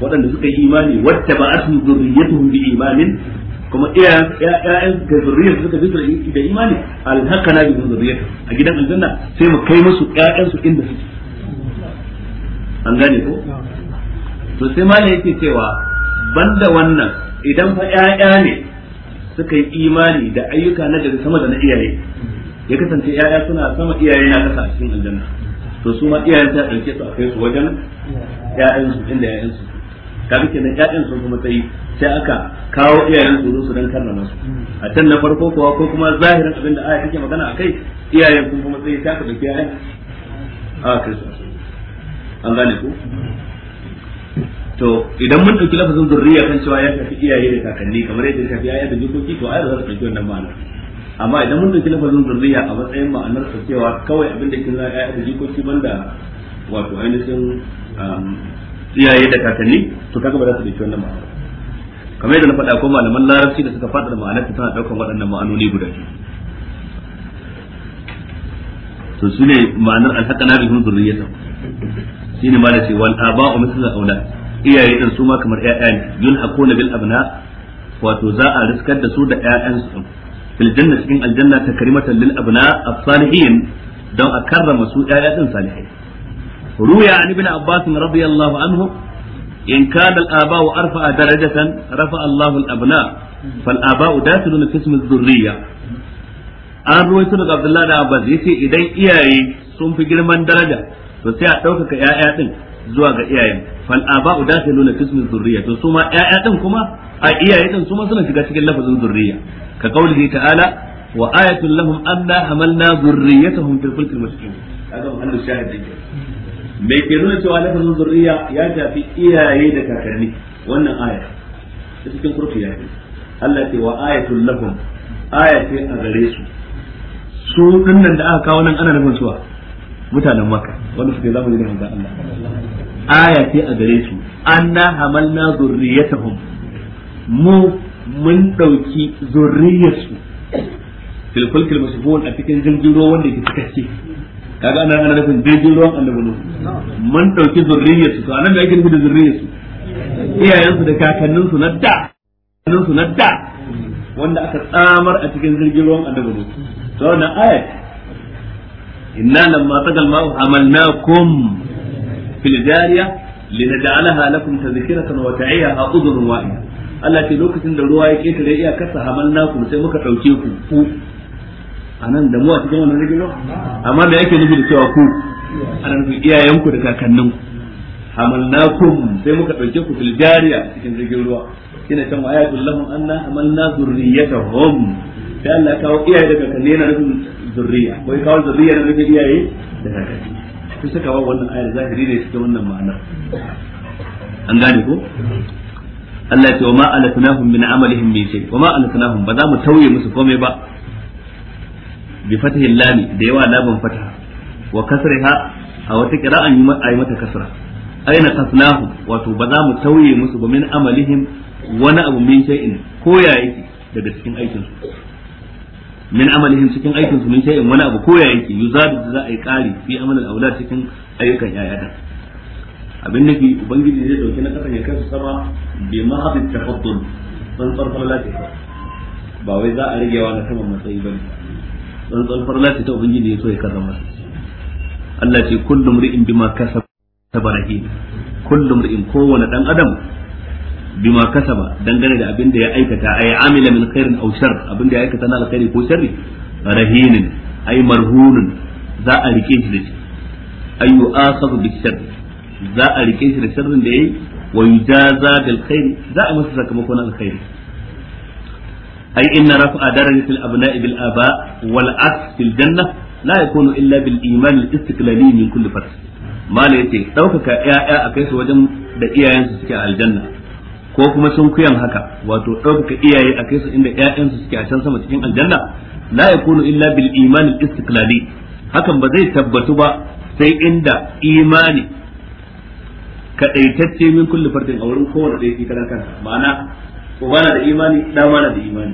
Speaker 4: waɗanda suka yi imani wacce ba asu zurriyatuhum bi imanin kuma iyayen ƴaƴan da zuriyar suka bi da imani na bin zurriyati a gidan aljanna sai mu kai musu ƴaƴan su inda suke an gane ko to sai malai yake cewa banda wannan idan fa ƴaƴa ne suka yi imani da ayyuka na gari sama da na iyaye ya kasance ƴaƴa suna sama iyaye na kasa a cikin aljanna to su ma iyayen ta dauke su a kai su wajen ƴaƴan su inda ƴaƴan su kafin kenan ƴaƴan sun kuma tsayi sai aka kawo iyayen su su dan karrama su a can na farko kuwa ko kuma zahirin abin da aya take magana akai iyayen sun kuma sai ta ka dauki iyayen a kai an gane ku to idan mun dauki lafazin zurriya kan cewa ya tafi iyaye da kakanni kamar yadda ya tafi iyaye da jikoki to ayar za ta dauki wannan ma'ana amma idan mun dauki lafazin zurriya a matsayin ma'anar sa cewa kawai abin da kin za yi da jikoki banda wato ainihin um, iyaye da kakanni to kaga ba za su dauki wannan ma'ana kamar yadda na faɗa ko malaman larabci da suka faɗa ma'anarta tana ɗaukar waɗannan ma'anoni guda biyu to su ne ma'anar alhaƙana bihim zurriyata shi ne ma da ce wal aba'u mislu aulad iyaye din su ma kamar ƴaƴa ne na bil abna wato za a riskar da su da ƴaƴansu fil janna cikin aljanna ta takrimatan lil abna a salihin don a karrama su ƴaƴa din salihai ruya an ibn abbas radiyallahu anhu in kana al-aba'u arfa'a darajatan rafa'a Allahu al-abna fal aba'u dakhiluna fi ismi dhurriyya an ruwaito daga Abdullahi da Abbas yace idan iyaye sun fi girman daraja to sai a ɗaukaka ƴaƴa din zuwa ga iyayen fal aba'u dakhiluna fi ismi dhurriyya to su ma ƴaƴa din kuma a iyaye din su ma suna shiga cikin lafazin zurriya. ka qaulihi ta'ala wa ayatun lahum na zurriya ta fil fulki al-mashkin kaga muhallu shahid din mai ke nuna cewa lafazin zurriya ya tafi iyaye da kakanni wannan aya ta cikin kurfi ya fi. Allah ce wa ayatul lakum aya ce a gare su su dinnan da aka kawo nan ana nufin suwa mutanen makka wanda suke zamani da manzon Allah aya ce a gare su anna hamalna zurriyatahum mu mun dauki zurriyarsu fil fulkil masfun a cikin jirgin ruwa wanda ke cikakke kaga ana ana nufin jirgin ruwan annabi nuhu mun dauki zurriyar su anan da ake nufi da zurriyar su iyayensu da kakanninsu na da kakanninsu na da wanda aka tsamar a cikin jirgin ruwan annabi nuhu to na ayat inna lamma tagal ma'u hamalnakum fil jariya linaj'alaha lakum tadhkiratan wa ta'iyaha Allah ce lokacin da ruwa ya ketare iyakarsa hamalnakum sai muka dauke ku anan da mu a cikin wannan rigima amma me ake nufi da cewa ku ana nufin iyayenku da kakanninku hamalnakum sai muka dauke ku fil jariya cikin jirgin ruwa kina kan ayatul lahum anna hamalna zurriyatahum sai Allah kawo iyaye daga kakanni yana nufin zurriya Wai kawo zurriya na nufin iyaye da kakanni ku saka kawo wannan ayar zahiri ne cikin wannan ma'anar an gane ko Allah ya ce wa ma alatnahum min amalihim min shay wa ma alatnahum ba za mu tauye musu komai ba bi fatihi lami da yawa laban fataha wa kasriha a wata qira'an yi mata kasra aina kasnahu wato ba za mu tauye musu ba min amalihim wani abu min shay'in ko ya yake daga cikin aikin su min amalihim cikin aikin su min shay'in wani abu ko ya yake yuzadu za a yi kari fi amalin aulad cikin ayyukan Abin da abin nufi ubangiji zai dauki na kasan ya kai su sama bi mahadin tafaddul san tsarfar lafiya ba wai za a rage wa na saman matsayi bane tsantsan farla ta ubangiji ya so ya karra masa Allah ce kullum ri'in bima kasaba rahin kullum ri'in kowane dan adam bima kasaba dangane da abin da ya aikata ay amila min khairin aw shar abin da ya aikata na alkhairi ko sharri rahinin ay marhunun za a rike shi da shi ay yu'akhadhu bi shar za a rike shi da sharrin da yayi wa yujaza bil khair za a masa sakamako na alkhairi أي إن رفع درجة الأبناء بالآباء والعكس في الجنة لا يكون إلا بالإيمان الاستقلالي من كل فرد ما ليتي توكك يا يا أكيس وجم da iyayensu suke a aljanna ko kuma sun kuyan haka wato ɗaukaka iyaye a kai su inda ƴaƴansu suke a can sama cikin aljanna la yakunu illa bil iman al hakan ba zai tabbatu ba sai inda imani kadaitacce min kulli fardin a wurin kowanne ɗaya shi karan kansa ma'ana uba na da imani da ma na da imani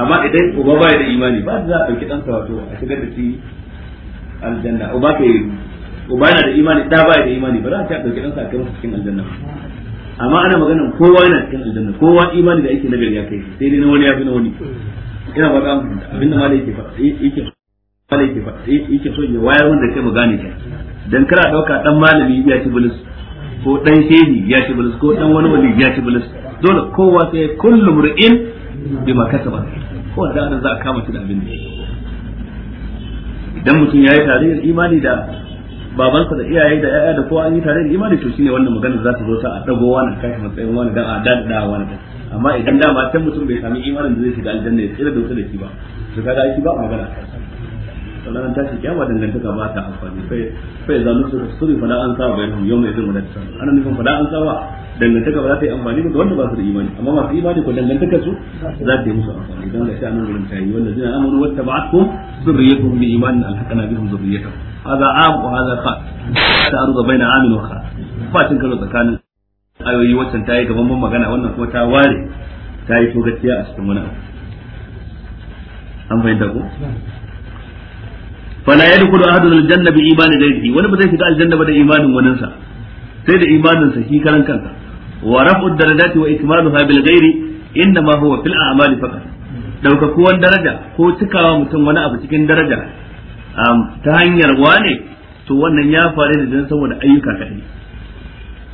Speaker 4: amma idan uba baya da imani ba za a ɗauki ɗansa wato a shigar da shi aljanna uba ke uba na da imani da baya da imani ba za a ɗauki ɗansa a kai cikin aljanna amma ana maganar kowa yana cikin aljanna kowa imani da yake nagari ya kai sai dai na wani ya fi na wani ina ba ta abinda ma da yake faɗa eh, yake faɗa eh, yake so ya wayar wanda ke mu gane ta dan kana ɗauka ɗan malami ya ci bulus ko dan shehi ya ci bilis ko dan wani wali ya ci bilis dole kowa sai kullu mur'in bima kasaba ko da ana za a kama shi da abin da idan mutum yayi tarayyar imani da babansa da iyaye da yaya da kowa an yi tarayyar imani to shine wannan magana za ta zo ta a dago wani kai matsayin wani dan a dadda wani amma idan dama can mutum bai sami imanin da zai shiga aljanna ya tsira da wuta da shi ba to kaga shi ba magana ranar tashi kiyama dangantaka ba ta amfani sai sai zalu su suri fada an sa bayan yau mai zuma da ta ana nufin fada an sawa dangantaka ba za ta yi amfani ba wanda ba su da imani amma masu imani ko dangantaka su za ta yi musu amfani dan da shi anan gurin tayi wanda zina amanu wa tabatukum zurriyatuhum bi imanin alhaqana bihum zurriyatuhum hadha am wa hadha kha ta'arudu baina amin wa kha tin karo tsakanin ayoyi wacce ta yi gaban magana wannan kuma ta ware ta yi to gaskiya a cikin wani abu an fahimta ko fala yadkhulu ahadun aljanna bi imani ghayrihi wani ba zai shiga aljanna ba da imanin wanin sai da imanin sa shi karan kansa wa raf'u wa ikmaluha bil ghairi inna ma huwa fil a'mali faqat daraja ko cikawa mutum wani abu cikin daraja ta hanyar wane to wannan ya faru da dan saboda ayyuka kadai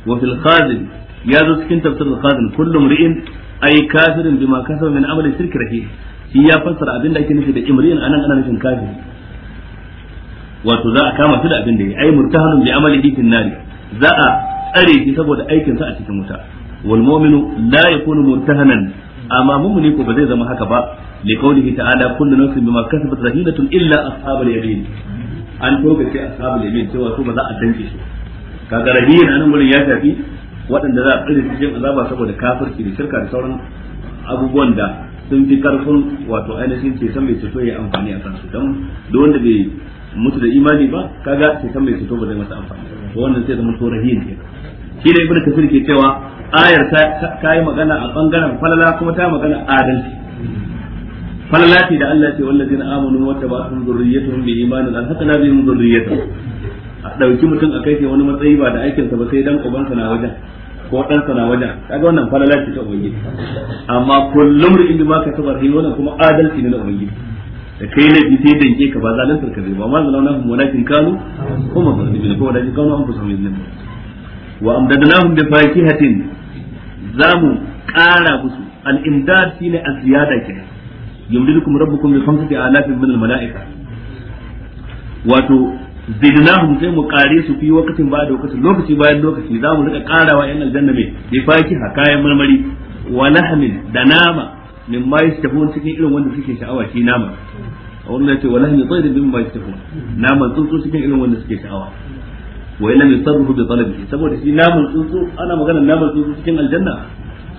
Speaker 4: wa fil khazin ya zo cikin tafsirin khazin kullum ri'in ay kafirin bima kasaba min amali shirki rahi ya fassara abin da ake nufi da imrin anan ana nufin kafiri wato za a kama shi da abin da ya ai murtahanun bi amalihi dikin nari za a tsare shi saboda aikin sa a cikin wuta wal mu'minu la yakunu murtahanan amma mu'mini ko ba zai zama haka ba li qawlihi ta'ala kullu nafsin bima kasabat rahinatun illa ashabul yamin an toka ce ashabul yamin cewa su ba za a danke su kaga rahin nan gurin ya tafi waɗanda za a tsare su cikin azaba saboda kafirci da shirka da sauran abubuwan da sun fi karfin wato ainihin ce san mai ceto ya amfani a kansu don da bai mutu da imani ba kaga sai san mai fito ba zai masa amfani ba wannan sai zama torahiyin ke shi da ibnu kasir ke cewa ayar ta yi magana a bangaren falala kuma ta magana adalci falala ce da Allah ce na amanu wa tabatuhum zurriyatuhum bi imanin na bihim zurriyatuhum a dauki mutum a kai ce wani matsayi ba da aikinsa ba sai dan sa na wajen ko sa na wajen kaga wannan falala ce ta ubangiji amma kullum ri'in bi ma kasabar hi wannan kuma adalci ne na ubangiji kai kai ji sai danke ka ba zalantar ka zai ba ma zalanahum walakin kanu kuma zalimin ko walakin kanu an fusa min wa amdadnahum bi fakihatin zamu ƙara musu al-imdad shine az-ziyada kenan yumdidukum rabbukum bi khamsati alafin min al-mala'ika wato zidnahum sai mu kare su fi wakatin ba da wakatin lokaci bayan lokaci za mu rika karawa yan aljanna mai bi fakiha kayan marmari wa lahmin da nama min ma yastahun cikin irin wanda suke sha'awa shi nama wannan ce wala min tsayd min ma yastahun naman tsuntsu cikin irin wanda suke sha'awa wa illa min sarruhu bi talabi saboda shi naman tsuntsu ana magana naman tsuntsu cikin aljanna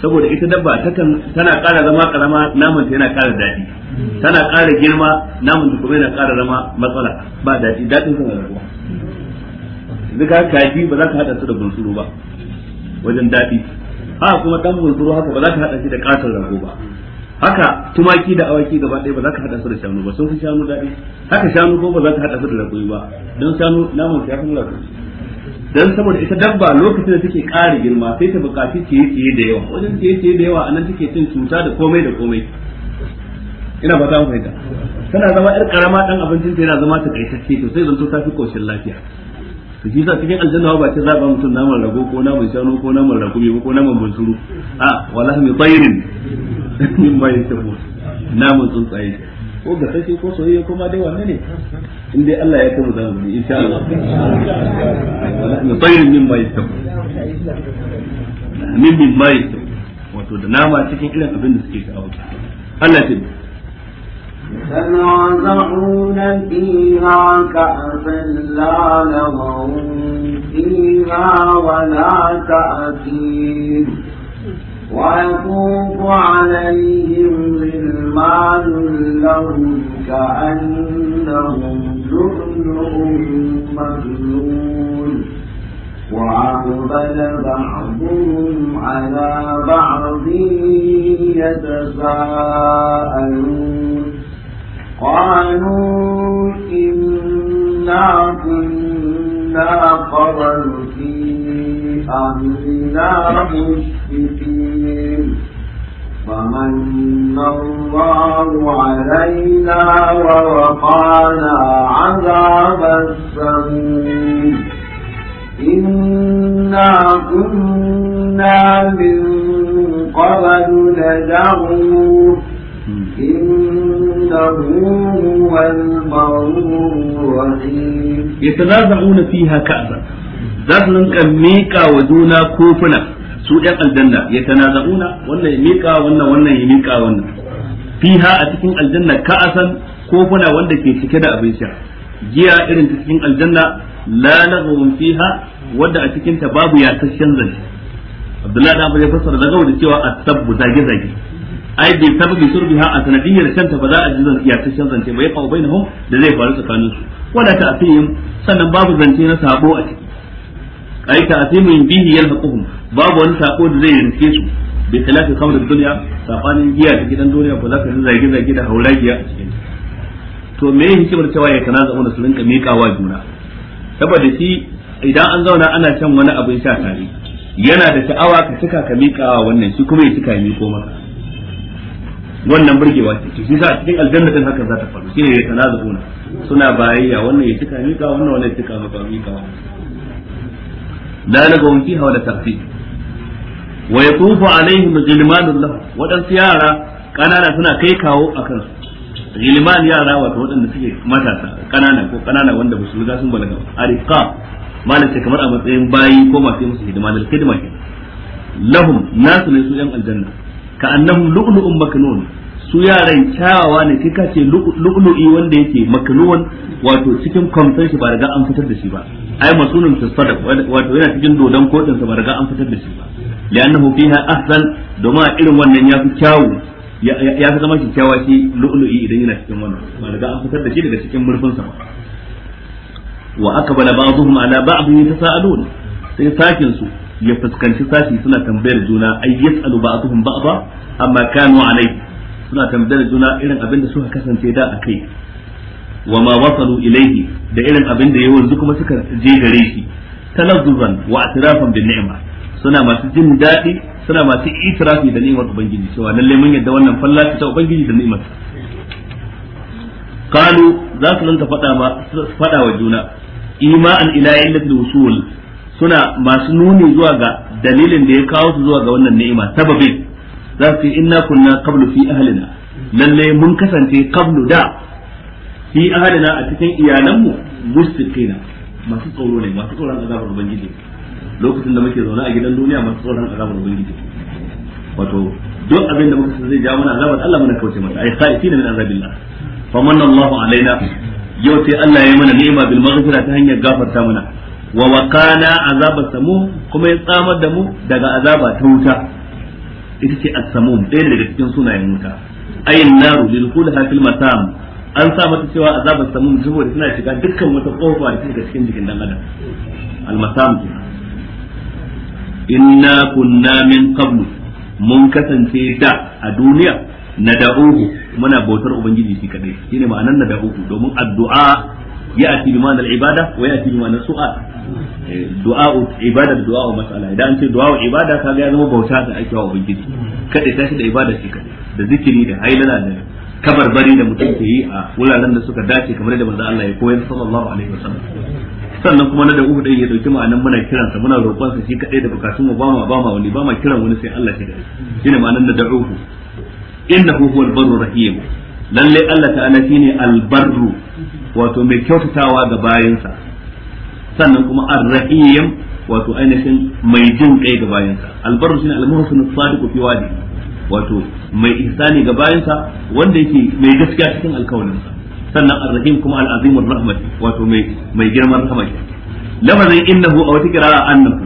Speaker 4: saboda ita dabba takan tana ƙara zama karama naman ta yana ƙara daɗi tana ƙara girma naman ta kuma yana ƙara zama matsala ba daɗi daɗin kan rabuwa duka kaji ba za ka haɗa su da bunsuru ba wajen daɗi haka kuma dan bunsuru haka ba za ka haɗa shi da ƙaton rago ba haka tumaki da awaki gaba ɗaya ba za ka haɗa su da shanu ba sun fi shanu daɗi haka shanu ko ba za ka haɗa su da lagoyi ba don shanu namun ya fi ragoyi dan saboda ita dabba lokacin da take ƙara girma sai ta buƙaci ciye-ciye da yawa wajen ciye-ciye da yawa a nan take cin cuta da komai da komai ina ba za mu fahimta tana zama yar karama ɗan abincin ta yana zama ta kaitacce to sai zan ta fi koshin lafiya to shi sa cikin aljanna ba ce za mutum naman rago ko naman shanu ko naman rakumi ko naman bunsuru a wala mi tsairin min ma yasbu naman tsaye ko ga sai ko soyayya ko ma dai wannan ne in dai Allah ya kai mu zamu insha Allah wala mi tsairin min mai yasbu min min ma wato da nama cikin irin abin da suke sha'awa Allah ya
Speaker 2: يتنازعون فيها كأسا لا لغو فيها ولا تأثير ويطوف عليهم غلمان لهم كأنهم لؤلؤ مكنون وأقبل بعضهم على بعض يتساءلون فجعلناه مشركين فمن الله علينا ووقانا عذاب السموم إنا كنا من قبل ندعوه إنه هو الرحيم
Speaker 4: يتنازعون فيها كأبا za su rinka miƙa wa juna kofuna su ɗan aljanna ya tanaza'una wannan ya miƙa wannan wannan ya miƙa wannan fiha a cikin aljanna ka ka'asan kofuna wanda ke cike da abin sha giya irin ta cikin aljanna la lahum fiha wanda a cikin ta babu ya yasasshen zance Abdullahi da ya fassara daga wanda cewa a asabbu zage zage ai bi sababi surbiha a sanadiyyar shan ta ba za a ji yasasshen zance ba ya fa'u bainahum da zai faru tsakaninsu wala ta'fihim sannan babu zance na sabo a ciki ai ta in bihi yalhaquhum babu wani sako da zai rinke su bi khilafi khamr duniya sabanin giya da gidan duniya ba za ka zage gida da hauragiya a cikin to me yake hikimar cewa ya kana zama da su rinka miƙawa juna saboda shi idan an zauna ana can wani abin sha tare yana da sha'awa ka cika ka miƙawa wannan shi kuma ya cika ya miƙo maka wannan burgewa ce shi sa cikin aljanna din haka za ta faru shi ne ya kana zauna suna bayayya wannan ya cika miƙawa wannan wannan ya cika maka miƙawa la wanki hawa wala tafsir wa yaqufu alaihim ghilmanun lahu yara kanana suna kai kawo akan su ghilman yara wato wadanda suke matasa kanana ko kanana wanda ba su riga sun balaga ba ariqa kamar a matsayin bayi ko masu musu hidima da hidima lahum nasu ne su yan aljanna ka annahum lu'lu'un maknun su yaran kyawawa ne kai ka ce lu'lu'i wanda yake maknuwan wato cikin kwamfan shi ba riga an fitar da shi ba ai masunun tasadaq wato yana cikin dodon kodin sa ba riga an fitar da shi ba li'annahu fiha ahsan domin irin wannan ya fi kyawu ya fi zama shi kyakkyawa shi lu'lu'i idan yana cikin wannan ba riga an fitar da shi daga cikin murfin sa ba wa akbala ba'dhum ala ba'd yatasaalun sai sakin su ya fuskanci sashi suna tambayar juna ay yas'alu ba'dhum ba'dha amma kanu alayhi suna tambayar juna irin abin da suka kasance da kai wa ma wasalu ilaihi da irin abin da yawan kuma suka je gare shi talazzuzan wa atrafan bin ni'ma suna masu jin daɗi suna masu itirafi da ni'imar ubangiji cewa lalle mun yadda wannan fallaci ta ubangiji da ni'imar qalu za su lanta faɗa ma faɗa wa juna ima'an ila illatil wusul suna masu nuni zuwa ga dalilin da ya kawo su zuwa ga wannan ni'ima sababin za su yi inna kunna qablu fi ahlina lalle mun kasance qablu da fi ahlina a cikin iyalanmu mustiqina masu tsoro ne masu tsoron azabar ubangiji lokacin da muke zaune a gidan duniya masu tsoron azabar ubangiji wato duk abin da muka zai ja mana azabar Allah muna kauce masa ai khaifina min azabillah manna Allahu alaina yau sai Allah ya mana ni'ima bil maghfira ta hanyar gafarta mana wa waqana azabar samu kuma ya tsamar da mu daga azaba ta wuta ita ce as-samum ɗaya daga cikin sunayen wuta ayin naru lil khulha fil masam an sa mata cewa azabar samum saboda tana shiga dukkan wata kofa da take cikin jikin dan adam al-masam inna kunna min qablu mun kasance da a duniya nada'uhu muna bautar ubangiji shi kadai shine ma'anar nada'uhu domin addu'a ya'ti bi ma'anar ibada wa ya'ti bi ma'anar su'a. du'a ibada da du'a mas'ala idan an ce du'a ibada ga ya zama bauta da ake wa ubangiji kada ta shi da ibada shi kadai da zikiri da hailala da kabarbari da mutum ke yi a wuraren da suka dace kamar da manzo Allah ya koyar sallallahu alaihi wasallam sannan kuma na da uhu dai ya dauki ma'anan muna sa muna roƙon sa shi kadai da bukatun mu ba ma ba ma wani ba ma kiran wani sai Allah shi shi shine ma'anan da da'uhu innahu huwal barru rahim lalle Allah ta'ala shine al-barru wato mai kyautatawa ga bayinsa sannan kuma ar-rahim wato ainihin mai jin kai ga bayansa albarru shine al-muhsin as-sadiq fi wadi wato mai ihsani ga bayansa wanda yake mai gaskiya cikin alkawarinsa sannan ar-rahim kuma al-azim ar-rahmat wato mai mai girman rahama lafazin innahu aw tikrara annahu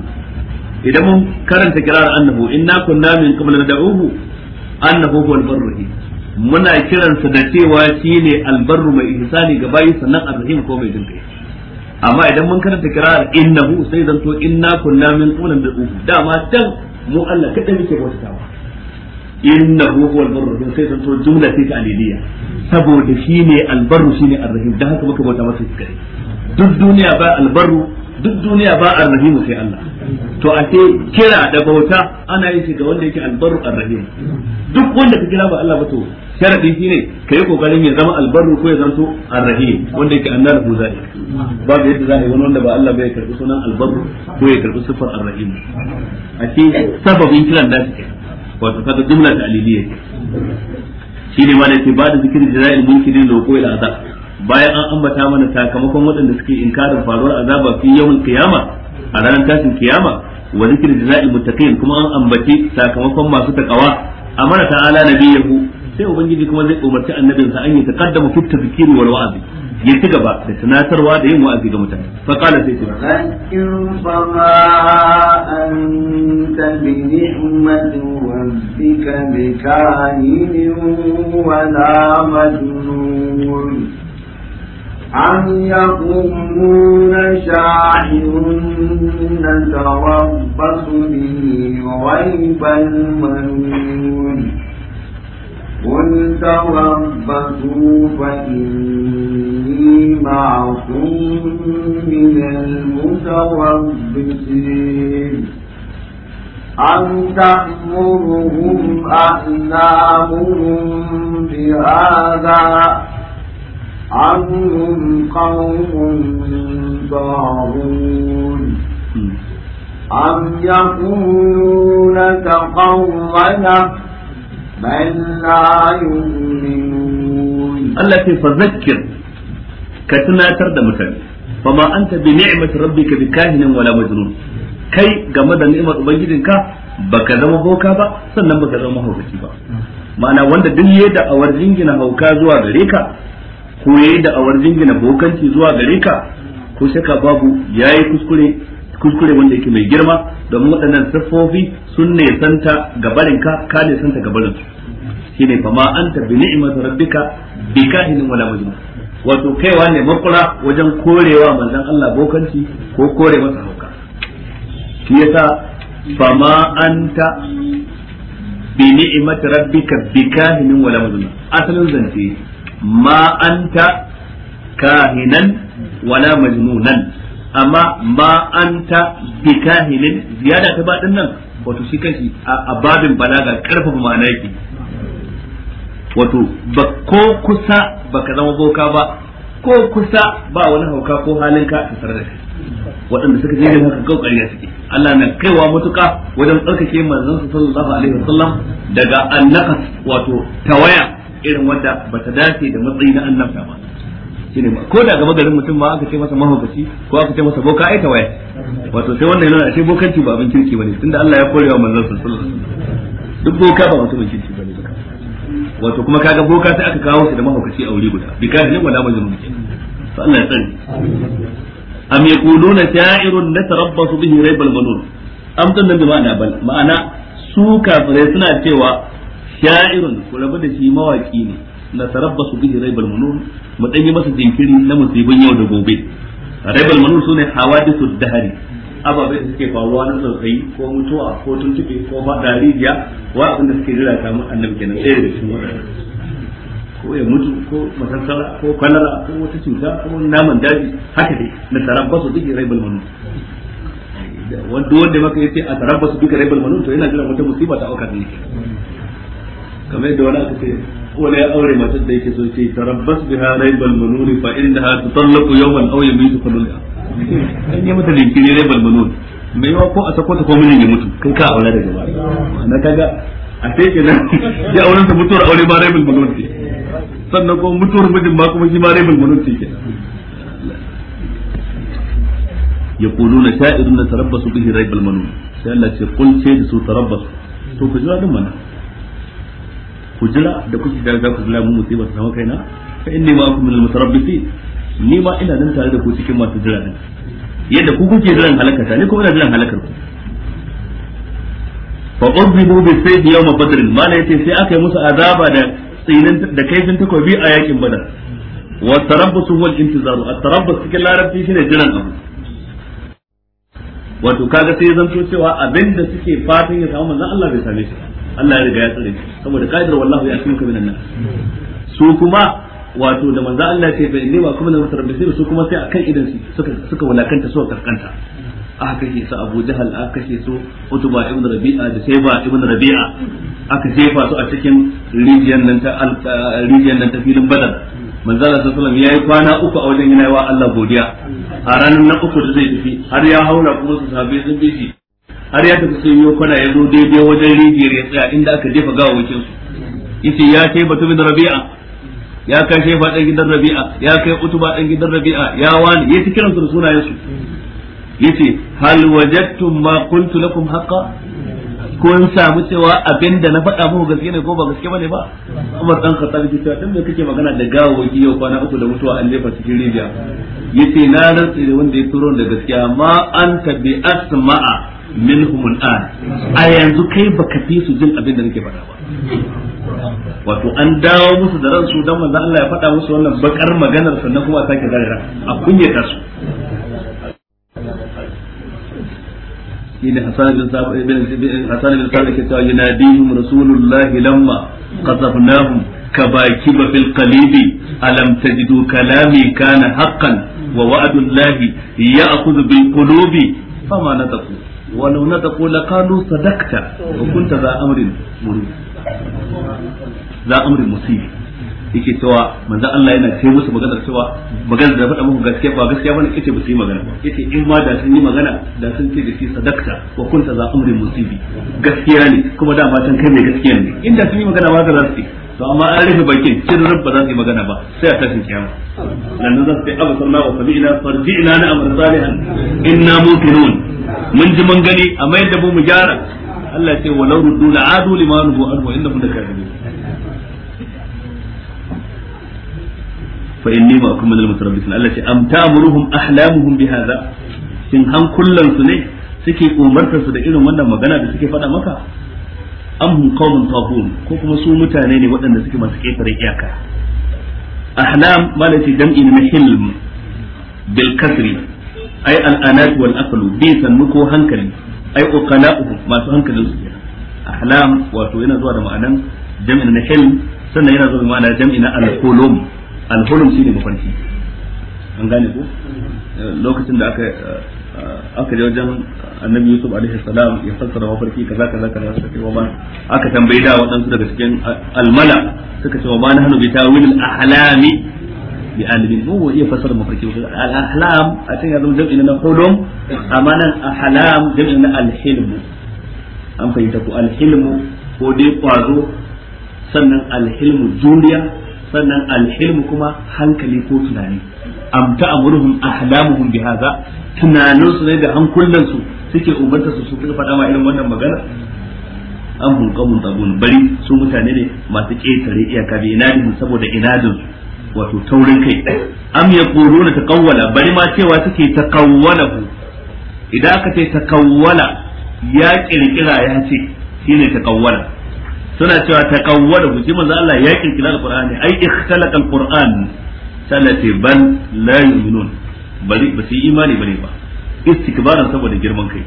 Speaker 4: idan mun karanta kirara annahu inna kunna min qabl nad'uhu annahu huwal barru muna kiransa da cewa shine albarru mai ihsani ga bayansa nan ar-rahim ko mai jin kai amma idan mun karanta kira'ar innahu sai zan to inna kunna min qawlan bil ufu dama dan mu Allah kadai muke bautawa innahu huwal barru rahim sai to jumla ce ta aliliya saboda shine albarru shine arrahim dan haka muka bauta masa kai duk duniya ba albarru duk duniya ba arrahimu sai Allah to a ce kira da bauta ana yin ga wanda yake albarru arrahim duk wanda ka kira ba Allah ba to sharadin shine yi kokarin ya zama albarru ko ya zanto arrahim wanda yake annar huzai babu yadda za a yi wani wanda ba Allah bai karbi sunan albarru ko ya karbi sifar arrahim a ce sababin kiran da suke. wato kaga jumla ta aliliya shine ma da ke ba da zikirin jira'il munkirin da ko ila azab bayan an ambata mana sakamakon waɗanda suke inkarin faruwar azaba fi yawan kiyama a ranar tashin kiyama wa zikir jaza'il muttaqin kuma an ambaci sakamakon masu takawa amara ta'ala nabiyahu sai ubangiji kuma zai umarci annabinsa an yi taqaddamu fi tadhkiri wal wa'azi. ya ci gaba da tunatarwa da yin wa'azi ga mutane fa
Speaker 3: qala sai ce
Speaker 2: zakir fa anta bi ni'mati rabbika bikahin wa la majnun أم يقومون شاعر نتربص به ريب المنون قل تربصوا فإني معكم من المتربصين أن تأمرهم أحلامهم بهذا أم هم قوم طاغون أم يقولون تقولنا من لا يؤمنون الله
Speaker 4: فذكر كتنا ترد متن ka أنت بنعمة ربك بكاهن wala مجنون kai game da ni'imar ba baka zama boka ba sannan baka zama haukaki ba ma'ana wanda duk ya da awar jingina hauka zuwa gare ka ko yayi da awar jingina bokanci zuwa gare ka ko shaka babu yayi kuskure kuskure wanda yake mai girma domin waɗannan siffofi sun ne santa ga barinka ka ne santa ga barinsu ne fama an tabi ni'imar rabbika bi kahinin wala majnun wato kaiwa ne makura wajen korewa manzon Allah bokanci ko kore masa hauka shi yasa fama anta bi ni'imar rabbika bi kahinin wala majnun asalin zance ma anta kahinan wala majnunan amma ma ta bikahilin ziyada ta baɗin nan wato shi kanshi a babin balaga karfafa ma'ana yake wato ba ko kusa baka zama boka ba ko kusa ba wani hauka ko halin ka ta da kai waɗanda suka je haka kokari suke Allah na kaiwa matuka wajen tsarkake manzon sa sallallahu alaihi wasallam daga annaka wato tawaya irin wanda ba ta dace da matsayi na annabta ba shine ko da gaba garin mutum ma aka ce masa mahaukaci ko aka ce masa boka ai tawaye. wato sai wannan yana ce bokanci ba abin kirki bane tunda Allah ya kore wa manzon sallallahu alaihi wasallam duk boka ba mutumin kirki bane wato kuma kaga boka sai aka kawo shi da mahaukaci a wuri guda bi ne wala majnun to Allah ya tsare am yaquluna sha'irun natarabbasu bihi raybal manun am dan nan ma'ana bal ma'ana su kafirai suna cewa sha'irun ku rabu da shi mawaki ne na tarabbasu bihi raibal munun mu dan masa jinkiri na musibin yau da gobe raibal munun sune hawadithu dahari ababe da suke faruwa na tsautsayi ko mutuwa ko tuntube ko fada rijiya wa abin da suke ko ya mutu ko masassara ko kwalara ko wata cuta ko naman daji haka dai na tarabbasu bihi raibal munun wanda wanda maka yace a tarabbasu duka raibal manun to yana jira wata musiba ta ne kamar yadda wani aka ce wala ya aure matar da yake so ce tarabbas biha raibal manuni fa innaha tutallaqu yawman aw yabitu qadulha an yi mata linkiri raibal manuni mai yawa ko a sako ta ko mijin ya mutu kai ka aure daga baya na kaga
Speaker 1: a sai kenan ya auren sa mutuwar aure ma raibal manuni sannan ko mutuwar mijin ma kuma shi ma raibal manuni kenan
Speaker 4: يقولون شاعر نتربص به ريب المنون sai Allah ce kun ce da su tarabbasu to ku jira din mana ku jira da kuke da za ku jira mu musiba ta samu kaina fa inni ma akum minal mutarabbisin ni ma ina nan tare da ku cikin masu jira din yadda ku kuke jiran halakata ni kuma ina jiran halakar ku fa udribu bi sayd yawm badr la yati sai aka yi musu azaba da tsinin da kaifin takobi a yakin badar wa tarabbasu wal intizaru at-tarabbas cikin larabci shine jiran abu wato kaga sai zanto cewa abinda suke fatan ya samu manzon Allah bai same shi ba Allah ya riga ya tsare saboda qaidar wallahu ya'timuka minan nas su kuma wato da manzo Allah ce bai ba kuma da mutar bisir su kuma sai akan idan su suka suka walakanta su karkanta aka kashe su Abu Jahal aka kashe su Utba ibn Rabi'a da Sayba ibn Rabi'a aka jefa su a cikin rijiyar nan ta rijiyar nan ta filin Badar manzo Allah sallallahu alaihi yayi kwana uku a wajen yana wa Allah godiya a ranar na uku da zai tafi har ya haura kuma su sahabbai sun bi shi har ya tafi sai yau kwana ya zo daidai wajen rijiyar ya tsaya inda aka jefa gawawakin su yace ya kai batu bin rabi'a ya kai shefa dan gidan rabi'a ya kai utuba dan gidan rabi'a ya wani yace kiran su da sunayen su yace hal wajadtum ma qultu lakum haqqan kun samu cewa abinda na faɗa muku gaske ne ko ba gaske bane ba Umar dan Khattab ya ce dan me kake magana da gawawaki yau kwana uku da mutuwa an jefa cikin rijiya yace na rantsi da wanda ya turo da gaskiya ma anta bi asma'a minhum al'an a yanzu kai baka fi su jin abin da nake faɗa ba wato an dawo musu da ransu dan manzo Allah ya faɗa musu wannan bakar maganar sannan kuma a sake zare ran a kunyata su shine Hassan bin Sabit bin bin Sabit ke cewa yunadihim rasulullah lamma qasafnahum كباكب في ولو نطقوا لقالوا صدقت وكنت ذا امر مريب ذا امر مصيب yake cewa manzo Allah yana ce musu maganar cewa magana da faɗa muku gaskiya ba gaskiya bane kace ba su yi magana ba yace in ma da sun yi magana da sun ce da shi sadakta wa kunta za amrin musibi gaskiya ne kuma da ma can kai mai gaskiya ne inda sun yi magana ba za su yi to amma an rufe bakin cirrin ba za su yi magana ba sai a tashin kiyama nan za su ce abu sallah wa sabi'ina farji'ina na amr salihan inna mutunun mun ji mun gani a mayar da mu mu gyara Allah ya ce walau ruddu la'adu lima nubu anhu innahum lakadibun fa inni ma kuma minal mutarabbisin Allah ya ce am ta'muruhum ahlamuhum bihadha shin han kullansu ne suke umartar su da irin wannan magana da suke faɗa maka am hum qaumun taghun ko kuma su mutane ne waɗanda suke masu ƙetare iyaka ahlam malati jam'i na hilm bil kasri ay al anat wal bi ko hankali ay uqala'uhu masu su ahlam wato yana zuwa da ma'anan jam'i na hilm sannan yana zuwa da ma'anan jam'i na al hulum al hulum shine mafarki an gane ko lokacin da aka aka je wajen annabi yusuf alaihi salam ya fassara mafarki kaza kaza kaza suka ce ba aka tambayi da waɗansu daga cikin almala suka ce ba bai bi tawilil ahlami bi alimin mu wa iya fassara mafarki al ahlam a cikin yanzu jam'i na hulum amma nan ahlam jam'i na al an fahimta ko al hilm ko dai kwazo sannan al hilm juriya sannan al kuma hankali ko tunani am ta'muruhum ahlamuhum bihaza tunanin su ne da hankulan su suke umarta su su faɗa ma irin wannan magana an hulqamun tabun bari su mutane ne masu ketare iyaka bi inadin saboda inadin su wato taurin kai am yaquluna taqawwala bari ma cewa suke taqawwala idan aka ce taqawwala ya kirkira ya ce shine taqawwala suna cewa taqawwala ji manzo Allah ya kirkira alqur'ani ai ikhtalaqa alqur'an salati ban la yu'minun bari ba su yi imani bane ba istikbaran saboda girman kai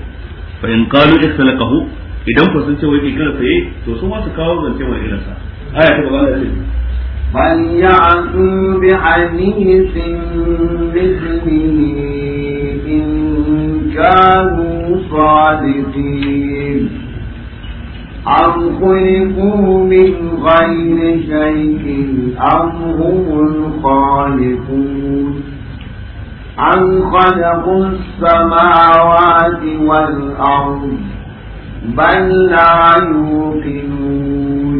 Speaker 4: fa in qalu ihsalakahu idan ku sun ce wai kikira sai to su ma su kawo zance mai irin sa
Speaker 2: aya ta gaba da ce bal ya'tu bi hadithin mithlihi in kanu sadiqin أم خلقوا من غير شيء أم هم الخالقون أم خلقوا السماوات والأرض بل لا يوقنون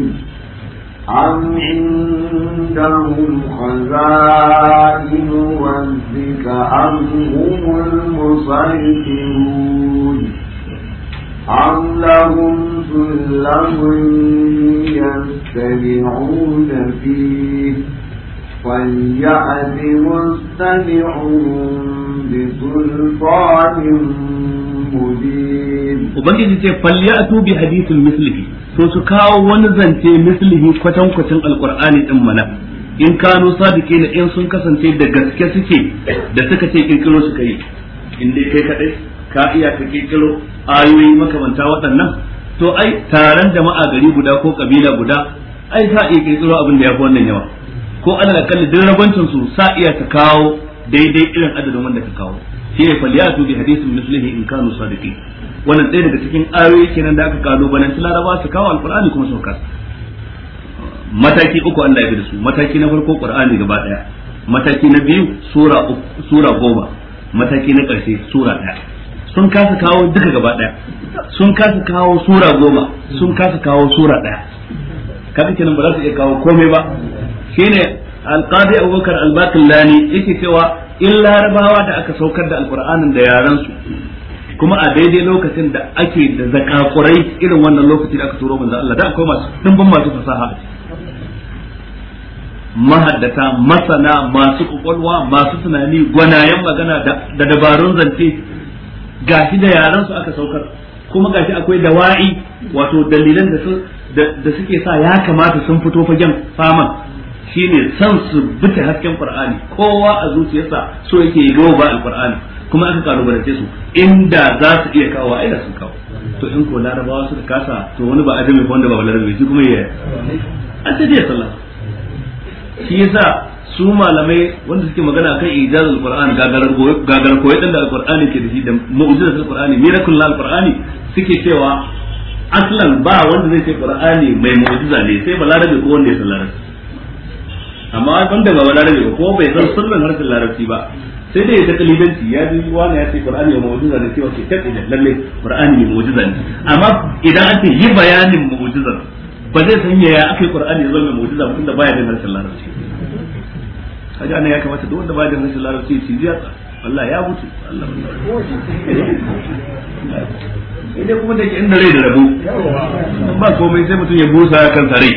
Speaker 2: أم عندهم خزائن ربك أم هم المسيطرون أم لهم لهم يستمعون فيه فليأت مستمعهم بسلطان مبين
Speaker 4: فليأتوا بحديث مثله to su kawo wani zance mislihi kwatankwacin alkur'ani din mana in kano sadike na in sun kasance da gaske suke da suka ce kirkiro su kai in dai kai kadai ka iya ka kirkiro ayoyi makamanta waɗannan to ai taron jama'a gari guda ko kabila guda ai sa iya tsoro abin da ya fi wannan yawa ko ana da kalli duk rabancin su sa iya ta kawo daidai irin adadin wanda ka kawo shi ne faliyatu bi hadisin mislihi in kanu sadiqin wannan ɗaya daga cikin ayoyi kenan da aka kalo banan laraba su kawo alqur'ani kuma su mataki uku Allah ya bi da su mataki na farko qur'ani gaba daya mataki na biyu sura sura goma mataki na ƙarshe sura ɗaya. sun kasa kawo duka gaba daya sun kasa kawo sura goma sun kasa kawo sura daya kaga kenan ba za su iya kawo komai ba shine alqadi abubakar albakillani yake cewa in larabawa da aka saukar da alqur'anin da yaran su kuma a daidai lokacin da ake da zakakurai irin wannan lokaci da aka turo manzo Allah da akwai masu dimbin masu fasaha mahaddata masana masu kwakwalwa masu tunani gwanayen magana da dabarun zance gashi da yaran su aka saukar kuma gashi akwai dawa'i wato dalilan da su da suke sa ya kamata sun fito fagen faman shine san su bita hasken qur'ani kowa a zuciyarsa so yake yi ba alqur'ani kuma aka kalubalance su inda za su iya kawo aida sun kawo to in ko larabawa suka kasa to wani ba adami ko wanda ba larabawa shi kuma ya an ta sallah shi yasa su malamai wanda suke magana kan ijazul qur'an gagarar gagarar koyi dan da alqur'ani ke da shi da mu'jizat qur'ani miracle na alqur'ani suke cewa aslan ba wanda zai ce qur'ani mai mu'jiza ne sai balarabe ko wanda ya san larabci amma wanda ba balarabe ko bai san sunan harshen larabci ba sai dai ta kalibanci ya ji wani ya ce qur'ani mai mu'jiza ne sai wace kai da lalle qur'ani mai mu'jiza ne amma idan an yi bayanin mu'jizar ba zai san yaya ake qur'ani ya zama mai mu'jiza ba tunda baya da harshen larabci kaga anan ya kamata duk wanda ba da nasu larabci ji jiya Allah ya mutu Allah eh? idan kuma da ke inda rai da rabu ba komai sai mutum ya busa kan rai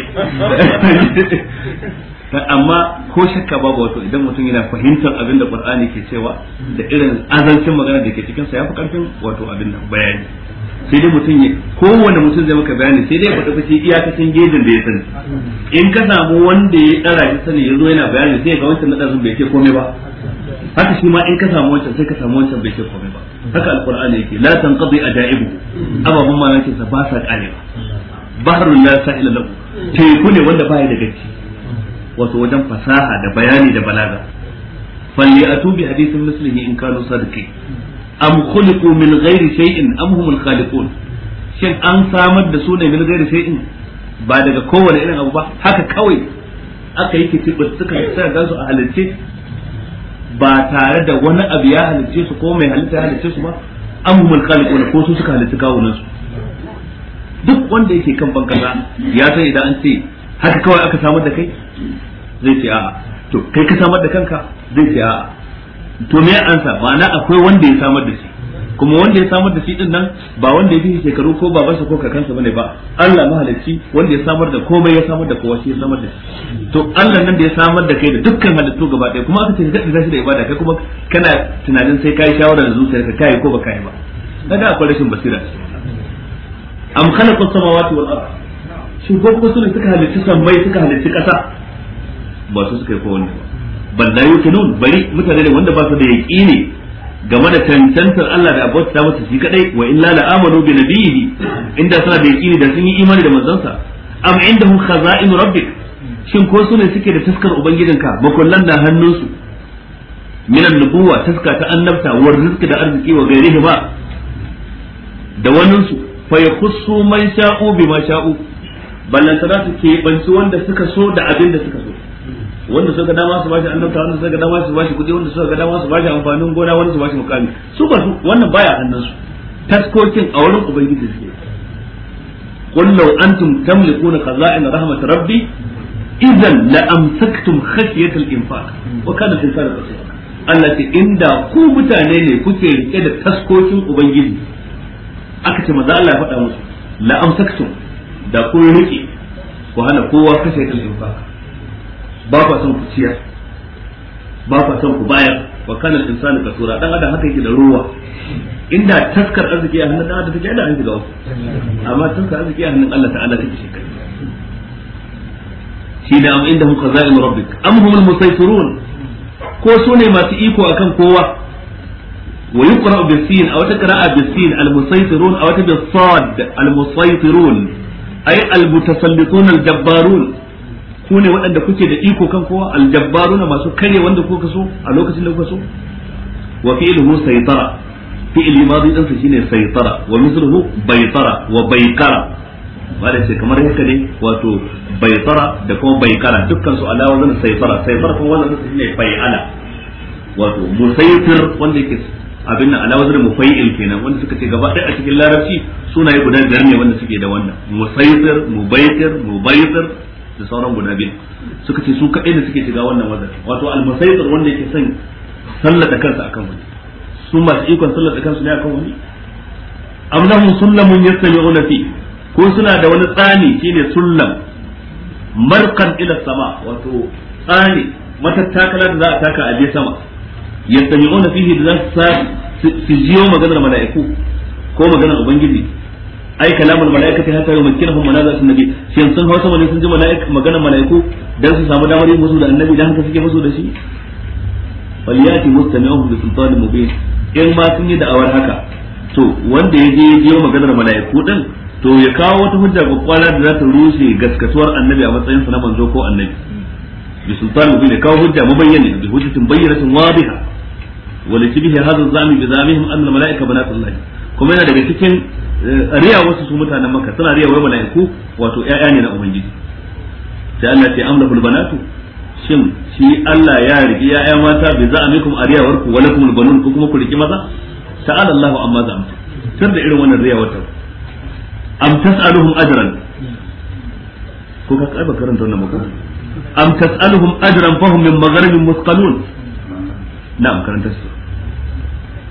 Speaker 4: amma ko shakka babu wato idan mutum yana fahimtar abin da Qur'ani ke cewa da irin azancin magana da ke cikin sa fi karfin wato abin da bayani sai dai mutum ya kowane mutum zai maka bayani sai dai ya faɗi fashi iyakacin gejin da ya sani in ka samu wanda ya ɗara shi sani ya zo yana bayani sai ga wancan naɗa bai ke komai ba haka shi ma in ka samu wancan sai ka samu wancan bai ke komai ba haka alqur'ani yake la tanqadi adaibu ababan ma nake sa ba sa kare ba bahrul la sahila lahu teku ne wanda ba ya da gaci wato wajen fasaha da bayani da balaga falli atubi hadithin muslimi in kanu sadiki am khuliqu min ghairi shay'in am humul khaliqun shin an samar da su ne min ghairi shay'in ba daga kowane irin abu ba haka kawai aka yi kitibus suka sa gansu a halitta ba tare da wani abu ya halicce su ko mai halitta ya halicce su ba am humul khaliqun ko su suka halitta kawunan su duk wanda yake kan bankasa ya san idan an ce haka kawai aka samar da kai zai ce a'a to kai ka samar da kanka zai ce a'a to me ansa ma'ana akwai wanda ya samar da shi kuma wanda ya samar da shi din nan ba wanda ya fi shekaru ko babarsa ko kakansa bane ba Allah mahalicci wanda ya samar da komai ya samar da kowa shi ya samar da to Allah nan da ya samar da kai da dukkan halittu gaba ɗaya kuma aka ce da shi da ibada kai kuma kana tunanin sai kai shawara da zuciyarka kai ko ba kai ba kaga akwai rashin basira am khalaqa samawati wal ardh shi ko kuma suka halicci sammai suka halicci kasa ba su suka yi ko wani ba bal la yuqinun bari mutane ne wanda ba su da yaqini game da tantantar Allah da abota masa shi kadai wa illa la amanu bi nabiyhi inda suna da yaqini da sun yi imani da manzansa am indahum khaza'in rabbik shin ko su ne suke da taskar ubangijinka makullan da hannunsu minan nubuwa taska ta annabta war rizqi da arziki wa gairihi ba da waninsu fa yakhussu man sha'u ma sha'u ballan sana su ke banci wanda suka so da abin da suka so wanda suka dama su bashi annabta wanda suka dama su bashi kudi wanda suka dama su bashi amfanin gona wanda su bashi mukami su ba su wannan baya hannunsu taskokin a wurin ubangiji suke qul law antum tamlikuna khaza'in rahmat rabbi idan la amsaktum khashyata al-infaq wa kana al-insanu basira Allah ce inda ku mutane ne kuke rike da taskokin ubangiji aka ce maza Allah ya faɗa musu la amsaktum da ku rike ku hana kowa khashyata al-infaq ba ku son ku ciyar ba ku son ku bayar wa kana al ka kasura dan adam haka yake da ruwa inda taskar arziki a hannun dan adam take da an shiga wasu amma taskar arziki a hannun Allah ta'ala take shi kai shi da am inda hum khaza'in rabbik am hum al-musaytirun ko su ne masu iko akan kowa wa yuqra bi sin aw taqra bi sin al-musaytirun aw tabi sad al-musaytirun ay al-mutasallitun al-jabbarun ku ne waɗanda kuke da iko kan kowa aljabbaruna masu kare wanda kuka so a lokacin da kuka so wa fi'luhu saytara fi'li madi din sa shine saytara wa misluhu baytara wa bayqara wanda ce kamar haka ne wato baytara da kuma bayqara dukkan su alawa zan saytara saytara kuma wannan shine fa'ala wato musaytir wanda yake abin nan ala wazir mufai'il kenan wanda suka ce gaba ɗaya a cikin larabci sunaye guda biyar ne wanda suke da wannan musaytir mubaytir mubaytir da sauran guda biyu suka ce su kaɗai da suke shiga wannan wazar wato almasaitar wanda yake son sallata kansa akan wani su masu ikon sallata kansu ne akan wani am lahum sullamun yastami'una fi ko suna da wani tsani shine sullam marqan ila sama wato tsani matattakala da za a taka a je sama yastami'una fihi da za su su jiyo maganar mala'iku ko maganar ubangiji ai kalamul malaikati hatta yumakkinuhum manazatun nabi shin sun hausa ne sun ji malaika magana malaiku dan su samu damar yin musu da annabi dan haka suke musu da shi waliyati mustami'uhum bi sultanin mubin in ma sun yi da'awar haka to wanda ya je biyo maganar malaiku din to ya kawo wata hujja ga kwakwala da za ta rushe gaskatuwar annabi a matsayin sa na manzo ko annabi bi sultanin mubin ya kawo hujja mabayyana bi hujjatin bayyinatin wadiha ولشبه هذا الزعم بزعمهم أن الملائكة بنات الله kuma yana daga cikin eh, riya wasu su mutanen maka suna riya wai mala'iku wato ƴaƴa ne na ubangiji sai Allah ya amlakul banatu shin shi Allah ya riki ƴaƴa mata bi za'amikum ariyawarku wa lakumul banun ko kuma ku riki maza ta'ala Allahu amma za za'amtu tar da irin wannan riyawar ta am tas'aluhum ajran ko ka kaiba karanta wannan mako am tas'aluhum ajran fahum min magharibin musqalun na'am karanta shi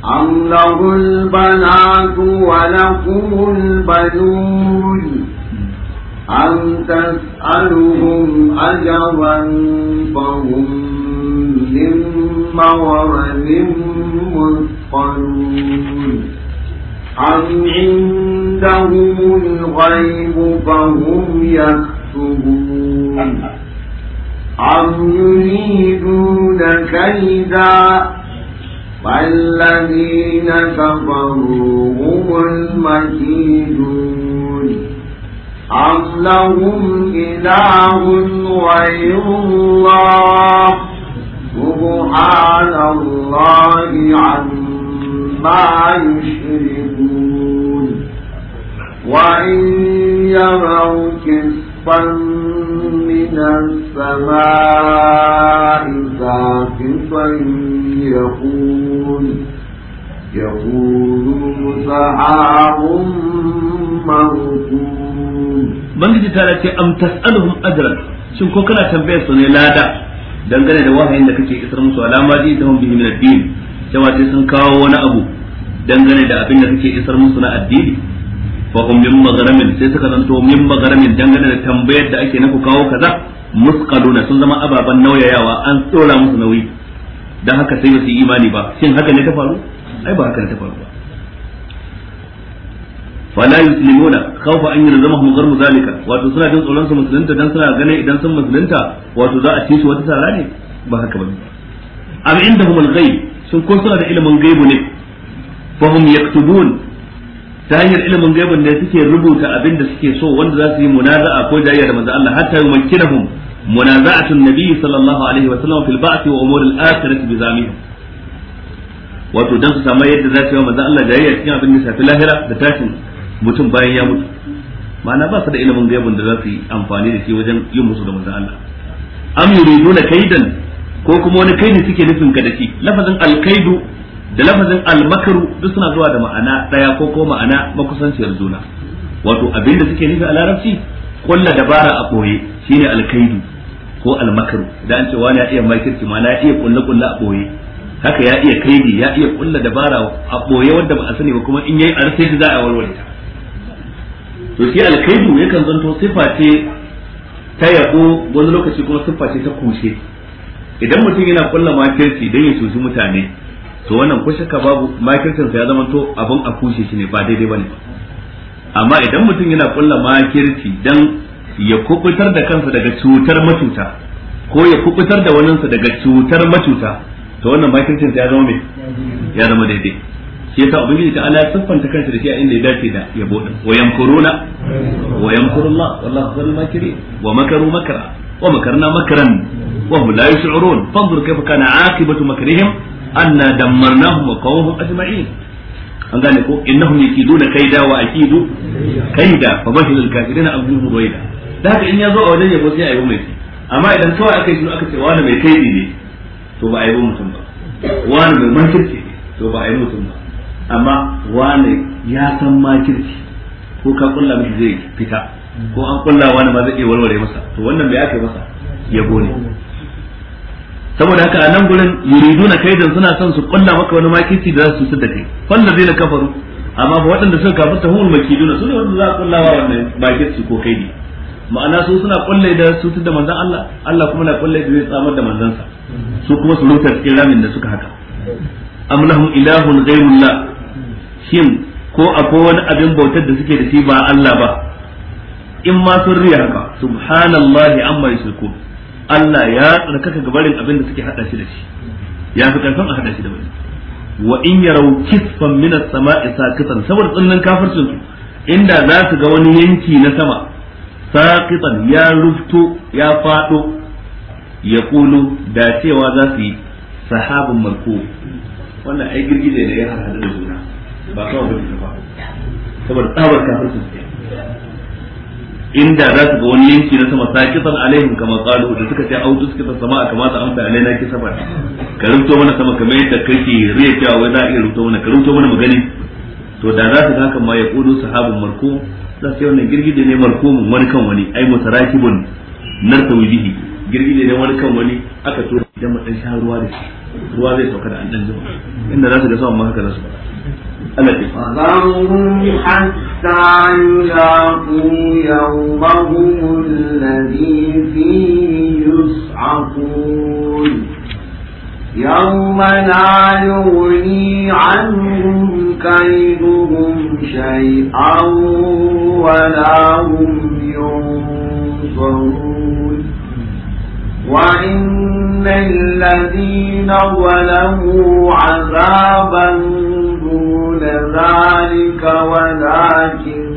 Speaker 2: أم له البنات ولكم البنون أم تسألهم أجرا فهم من مورد مثقلون أم عندهم الغيب فهم يكتبون أم يريدون كيدا والذين كفروا هم المكيدون أم لهم إله غير الله سبحان الله عما يشركون وإن يروا كسرا كسفا من السماء ساقطا يقول يقول
Speaker 1: سحاب
Speaker 2: موقوم
Speaker 1: بنجي تعالى
Speaker 4: أم تسألهم أجرا shin ko kana tambayar su ne lada dangane da wahayin da kake isar musu alama ji ta bihi min ad-din cewa sai sun kawo wani abu dangane da abin da kake isar musu na addini fa hum min magharamin sai suka zanto min magharamin dangane da tambayar da ake naku kawo kaza musqaluna sun zama ababan nauyayawa an tsora musu nauyi dan haka sai su imani ba shin haka ne ta faru ai ba haka ne ta faru ba fala yuslimuna khawfa an yulzamahum gharmu zalika wato suna jin tsoron su musulunta dan suna ganin idan sun musulunta wato za a ci su wata sarari? ne ba haka ba am indahum al-ghaib sun ko suna da ilimin gaibu ne fa yaktubun ta hanyar ilimin gaibin ne suke rubuta abin da suke so wanda za su yi munaza'a ko jayyar da manzo Allah hatta yumakkinahum munaza'atu an-nabi sallallahu alaihi wa sallam fil ba'th wa umur al-akhirati bi zamihim wato dan su samu yadda za su yi manzo Allah jayya cikin abin da shafi lahira da tashin mutum bayan ya mutu ma'ana ba su da ilimin gaibin da za su yi amfani da shi wajen yin musu da manzo Allah am yuriduna kaidan ko kuma wani kaidi suke nufin ka da shi lafazin al-kaidu da lafazin almakaru duk suna zuwa da ma'ana daya ko ko ma'ana makusanciyar juna wato abin da suke nufi a larabci kulla dabara a boye shine alkaidu ko almakaru da an ce wani ya iya makirci ma ya iya kulla kulla a boye haka ya iya kaidi ya iya kulla dabara a boye wanda ba a sani ba kuma in yayi arsai da za a warware ta to shi alkaidu yakan zanto sifa ce ta yabo wani lokaci kuma sifa ce ta kushe idan mutum yana kulla makirci dan ya cuci mutane to wannan ko shakka babu makircin ya zama to abin a kushe shi ne ba daidai bane amma idan mutum yana kulla makirci dan ya kubutar da kansa daga cutar matuta ko ya kubutar da waninsa daga cutar matuta to wannan makircin ya zama me ya zama daidai shi yasa ubangiji ta ala siffanta kansa da shi a inda ya dace da ya bude wa yamkuruna wa yamkurullah wallahu khairul makirin wa makaru makara wa makarna makaran wa hum la yash'urun fanzur kayfa kana aqibatu makrihim anna dammarnahum wa qawmuhum ajma'in an gane ko innahum yakiduna kaida wa akidu kaida fa bashirul kafirina abdul ruwaida da haka in ya zo a wajen yabo sai a yabo mai amma idan kawai aka yi aka ce wani mai kaidi ne to ba a yabo mutum ba wani mai makirci ne to ba a yi mutum ba amma wani ya san makirci ko ka kulla mishi zai fita ko an kulla wani ma zai iya warware masa to wannan bai aka masa yabo ne saboda haka a nan gurin na kaidan suna son su kulla maka wani makici da za su da kai wanda zai na kafaru amma ba waɗanda suka ta humul makidu su ne wanda za a kulla wa wannan makici ko kaidi ma'ana su suna kulle da su da manzan Allah Allah kuma na kulle da zai tsamar da manzansa su kuma su rufe cikin ramin da suka haka am ilahun ghayrullah shin ko akwai wani abin bautar da suke da shi ba Allah ba in ma sun riya ba subhanallahi amma yusukun Allah ya tsarkaka ga barin abin da suke hada shi da shi ya fi karfin a hada shi da wani wa in yarau kisfan min as-sama'i saqitan saboda tsinnan kafircin su inda za su ga wani yanki na sama saqitan ya rufto ya fado ya kulu da cewa za su yi sahabin marko wannan ai girgije da ya hada da juna ba kawai ba saboda tsabar kafircin su inda za su ga wani yanki na sama kisan alaihim kamar qalu da suka ce au tuskita sama kama ta amsa alaina ki saba ka rubuto mana sama kamar yadda kake riya cewa wai za a iya rubuto mana ka rubuto mana magani to da za su ga hakan ma ya kudu sahabun marko za su yi wannan girgije ne marko mun wani kan wani ai mutarakibun nartawihi girgije ne wani kan wani aka tura idan mu dan sha ruwa da ruwa zai sauka da an dan jima inda za su ga sama ma haka za su
Speaker 2: التي فذرهم حتى يلاقوا يومهم الذي فيه يصعقون يوم لا يغني عنهم كيدهم شيئا ولا هم ينصرون وإن الذين ظلموا عذابا ذلك ولكن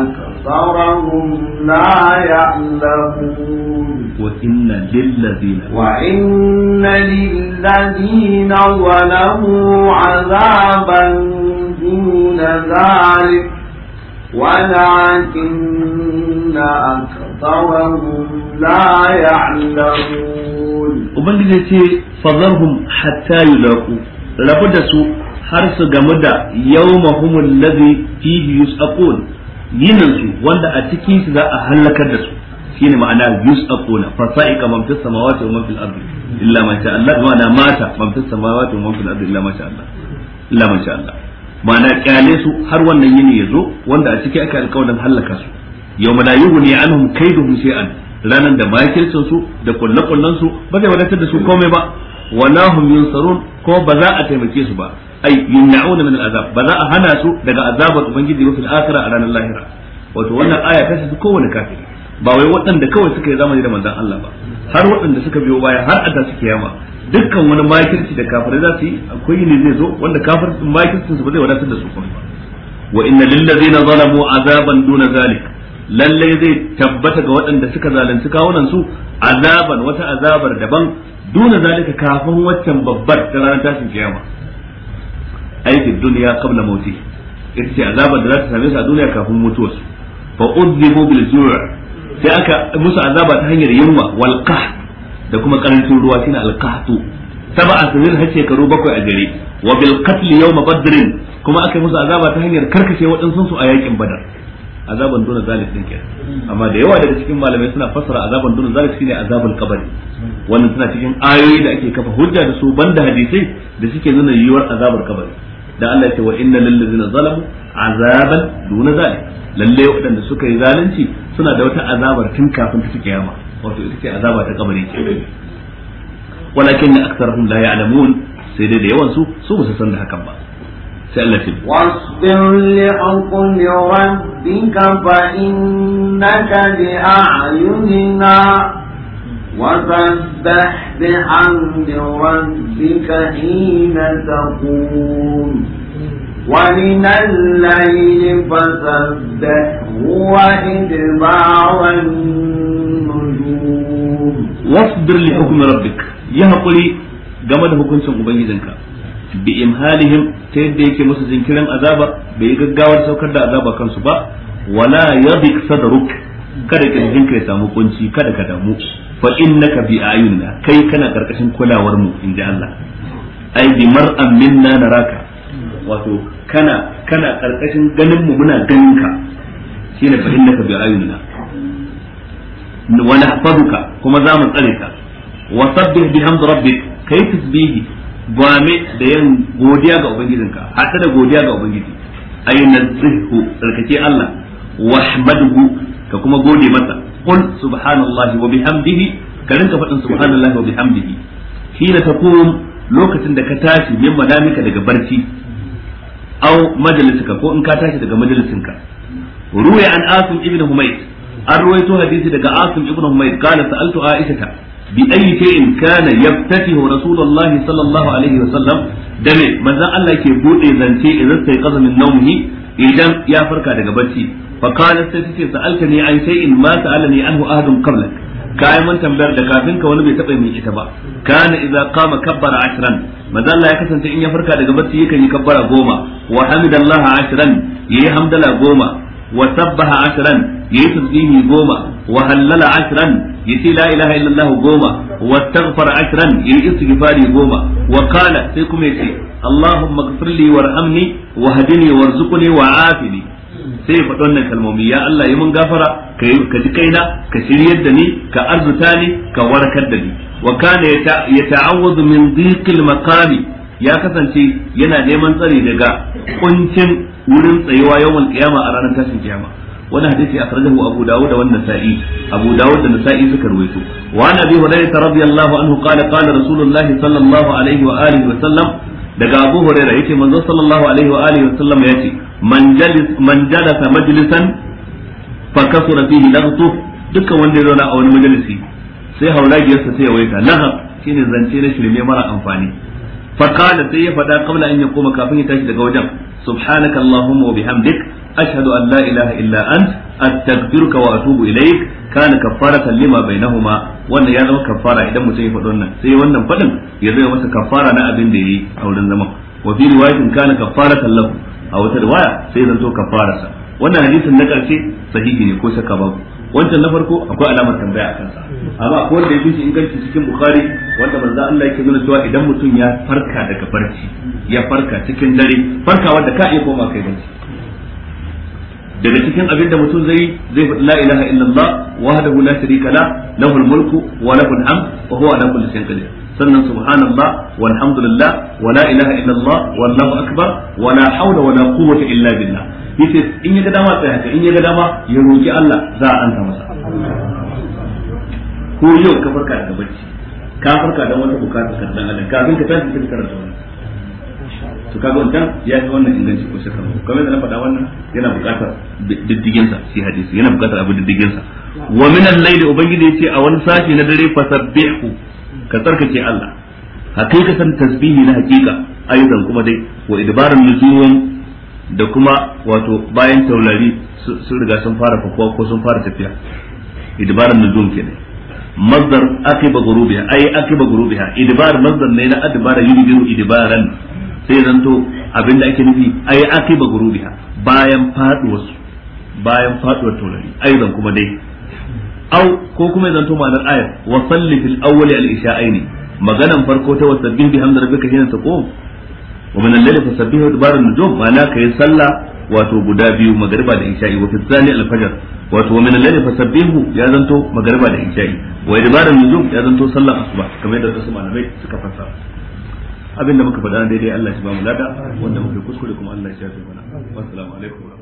Speaker 2: أكثرهم لا يعلمون
Speaker 4: وإن للذين
Speaker 2: وإن للذين ظلموا عذابا دون ذلك ولكن أكثرهم لا يعلمون
Speaker 1: وبنجي
Speaker 4: فذرهم حتى يلاقوا rabu da su har su gamu da humul ladhi fihi yusaqun yinan su wanda a cikin su za a halakar da su shine ma'ana yusaquna fa sa'iqa man fis samawati wa man fil ardi illa ma sha Allah ana mata man fis samawati wa man fil ardi illa ma sha Allah illa ma sha Allah ma'ana kyale su har wannan yini yazo wanda a ciki aka alƙawarin halaka su yawma la yughni anhum kaiduhum shay'an ranan da makircin su da kullakullan su ba zai wadatar da su komai ba wala hum yunsarun ko ba za a taimake su ba ay yumna'una min al'azab ba za a hana su daga azabar ubangiji ba fil akhirah a ranar lahira wato wannan aya ta su kowane kafiri ba wai waɗanda kawai suka yi zamani da manzon Allah ba har waɗanda suka biyo baya har a tasu kiyama dukkan wani makirci da kafirai za su yi akwai ne zai zo wanda kafircin makircin su ba zai wadatar da su kuma wa inna lil ladzina zalamu azaban duna zalik lalle zai tabbata ga waɗanda suka zalunci kawunan su azaban wata azabar daban duna zalika kafin waccan babbar ta ranar tashin kiyama ai duniya dunya qabla mauti ita ce azabar da za ta same su a duniya kafin mutuwarsu fa udhibu bil ju' sai aka musu azaba ta hanyar yunwa wal qahd da kuma karancin ruwa shine al qahtu sab'a asirin har shekaru bakwai a gare wa bil qatl yawm badr kuma aka musu azaba ta hanyar karkashe waɗansu su a yakin badar azaban duna zalik din kenan amma da yawa daga cikin malamai suna fassara azaban duna zalik shine azabul qabri wannan suna cikin ayoyi da ake kafa hujja da su banda hadisai da suke nuna yiwuwar azabar kabari da Allah ya ce wa inna lil zalamu azaban duna zalik lalle waɗanda suka yi zalunci suna da wata azabar tun kafin ta yama. wato ita ce azaba ta kabari ce walakin aktharuhum la ya'lamun sai dai da yawan su su ba su san da hakan ba sai Allah ce
Speaker 2: wasbir li hukm rabbika fa innaka bi a'yunina وسبح بحمد ربك حين تقوم ومن الليل فسبحه وإدبار النجوم واصبر لحكم
Speaker 4: ربك يهقلي game da hukuncin ubangijinka bi imhalihim ta yadda yake musu jinkirin azaba bai yi gaggawar saukar da azaba kansu ba wala yadik sadruk kada ka jinkirta samu kunci kada ka damu fa innaka bi ayyuna kai kana karkashin kulawar mu inji Allah ai bi mar'an minna naraka wato kana kana karkashin ganin mu muna ganin ka shine fa innaka bi ayunna wa nahfaduka kuma za mu tsare ka wa sabbih bihamdi rabbik kai tasbihi gwame da yan godiya ga ubangijinka hatta da godiya ga ubangiji ayyana zihhu tsarkake Allah wa ahmaduhu ka kuma gode masa qul subhanallahi wa bihamdihi ka rinka faɗin subhanallahi wa bihamdihi hina taqum lokacin da ka tashi min manamika daga barci aw majalisika ko in ka tashi daga majalisinka ruwaya an asim ibn humayd an ruwaito hadisi daga asim ibn humayd qala sa'altu aisha bi ayi shay'in kana yaftatihu rasulullahi sallallahu alaihi wa sallam da me manzon Allah ke buɗe zance idan sai qazamin naumihi idan ya farka daga barci fa qalat sai a yi an in ma sa'alani anhu ahadun Ka kai mun tambayar da kafin ka wani bai taba mai ita ba kana iza qama kabbara ashran manzo ya kasance in ya farka daga bacci yakan yi kabbara goma wa hamidallahi ashran yayi hamdala goma wa sabbaha ashran yayi tasbihi goma wa hallala ashran yace la ilaha illallah goma wa astaghfar ashran yayi istighfari goma wa qala sai kuma yace allahumma ighfir li warhamni wa hadini warzuqni wa sai ya faɗi wannan kalmomi ya Allah yi mun gafara ka ji kaina ka shiryar da ni ka arzuta ni ka warkar da ni wa kana yata'awwadu min dhiqil maqami ya kasance yana neman tsari daga kuncin wurin tsayuwa yawan kiyama a ranar tashin kiyama wannan hadisi akhrajahu abu dawud da wannan sa'i abu dawud da nasa'i suka rawaito wa an abi hurairah radiyallahu anhu qala qala rasulullahi sallallahu alaihi wa alihi wa sallam daga abu hurairah yake manzo sallallahu alaihi wa alihi wa sallam yace man jalis man jalasa majlisan fa kasura fihi wanda ya zauna a wani majalisi sai haulagiyarsa sai ya waita lahab shine zance na shirme mara amfani fa sai ya fada qabla an koma kafin ya tashi daga wajen subhanaka allahumma wa bihamdik hamdik an la ilaha illa ant astaghfiruka wa atubu ilaik kana kaffaratan lima bainahuma wannan ya zama kaffara idan mutum ya faɗi nan sai wannan faɗin ya zama masa kaffara na abin da yayi a wurin zaman wa fi riwayatin kana kaffaratan lahu a wata riwaya sai zanto sa. wannan hadisin na karshe sahihi ne ko shakka babu wancan na farko akwai alamar tambaya a kansa amma akwai wanda ya fi shi inganci cikin bukhari wanda manzo Allah yake nuna cewa idan mutum ya farka daga barci ya farka cikin dare farka wanda ka iya koma kai barci daga cikin abin da mutum zai zai faɗi la ilaha illallah wahdahu la sharika la lahul mulku wa lahul hamd wa huwa ala kulli shay'in qadir sannan subhanallah walhamdulillah wala ilaha illallah wallahu akbar wala hawla wala quwwata illa billah yace in ya dama sai haka in ya dama ya roki Allah za a anta masa ko yau ka farka daga bacci ka farka da wata bukata ka dan adam kafin ka tashi cikin karanta wannan to kaga wannan ya yi wannan inganci ko shakka kamar yadda na faɗa wannan yana bukatar diddigin sa shi hadisi yana bukatar abu diddigin sa wa min al-layli ubangiji yace a wani sashi na dare fasabbihu ka tsarkake Allah hakikatan tasbihi na hakika ayyukan kuma dai wa idbarun nujum da kuma wato bayan taulari sun riga sun fara fafuwa ko sun fara tafiya idbarun nujum kenan mazdar akiba gurubiha ai akiba gurubiha idbar mazdar ne na adbara yuridu idbaran sai zanto abinda ake nufi ai akiba gurubiha bayan faduwar bayan faduwar taulari ayyukan kuma dai aw ko kuma ya zanto ma'anar ayar wa salli fil awwali al isha'aini maganan farko ta wasabbih bi hamdi rabbika hina taqum wa min al-layli fasabbihu adbar an-nujum ma'ana kai sallah wato guda biyu magriba da isha'i wa fi al-fajr wato min al-layli fasabbihu ya zanto magriba da isha'i wa adbar an-nujum ya zanto sallar asuba kamar yadda wasu malamai suka
Speaker 3: fassara abinda muka faɗa daidai Allah ya ba mu lada wanda muke kuskure kuma Allah ya shafe mana assalamu alaikum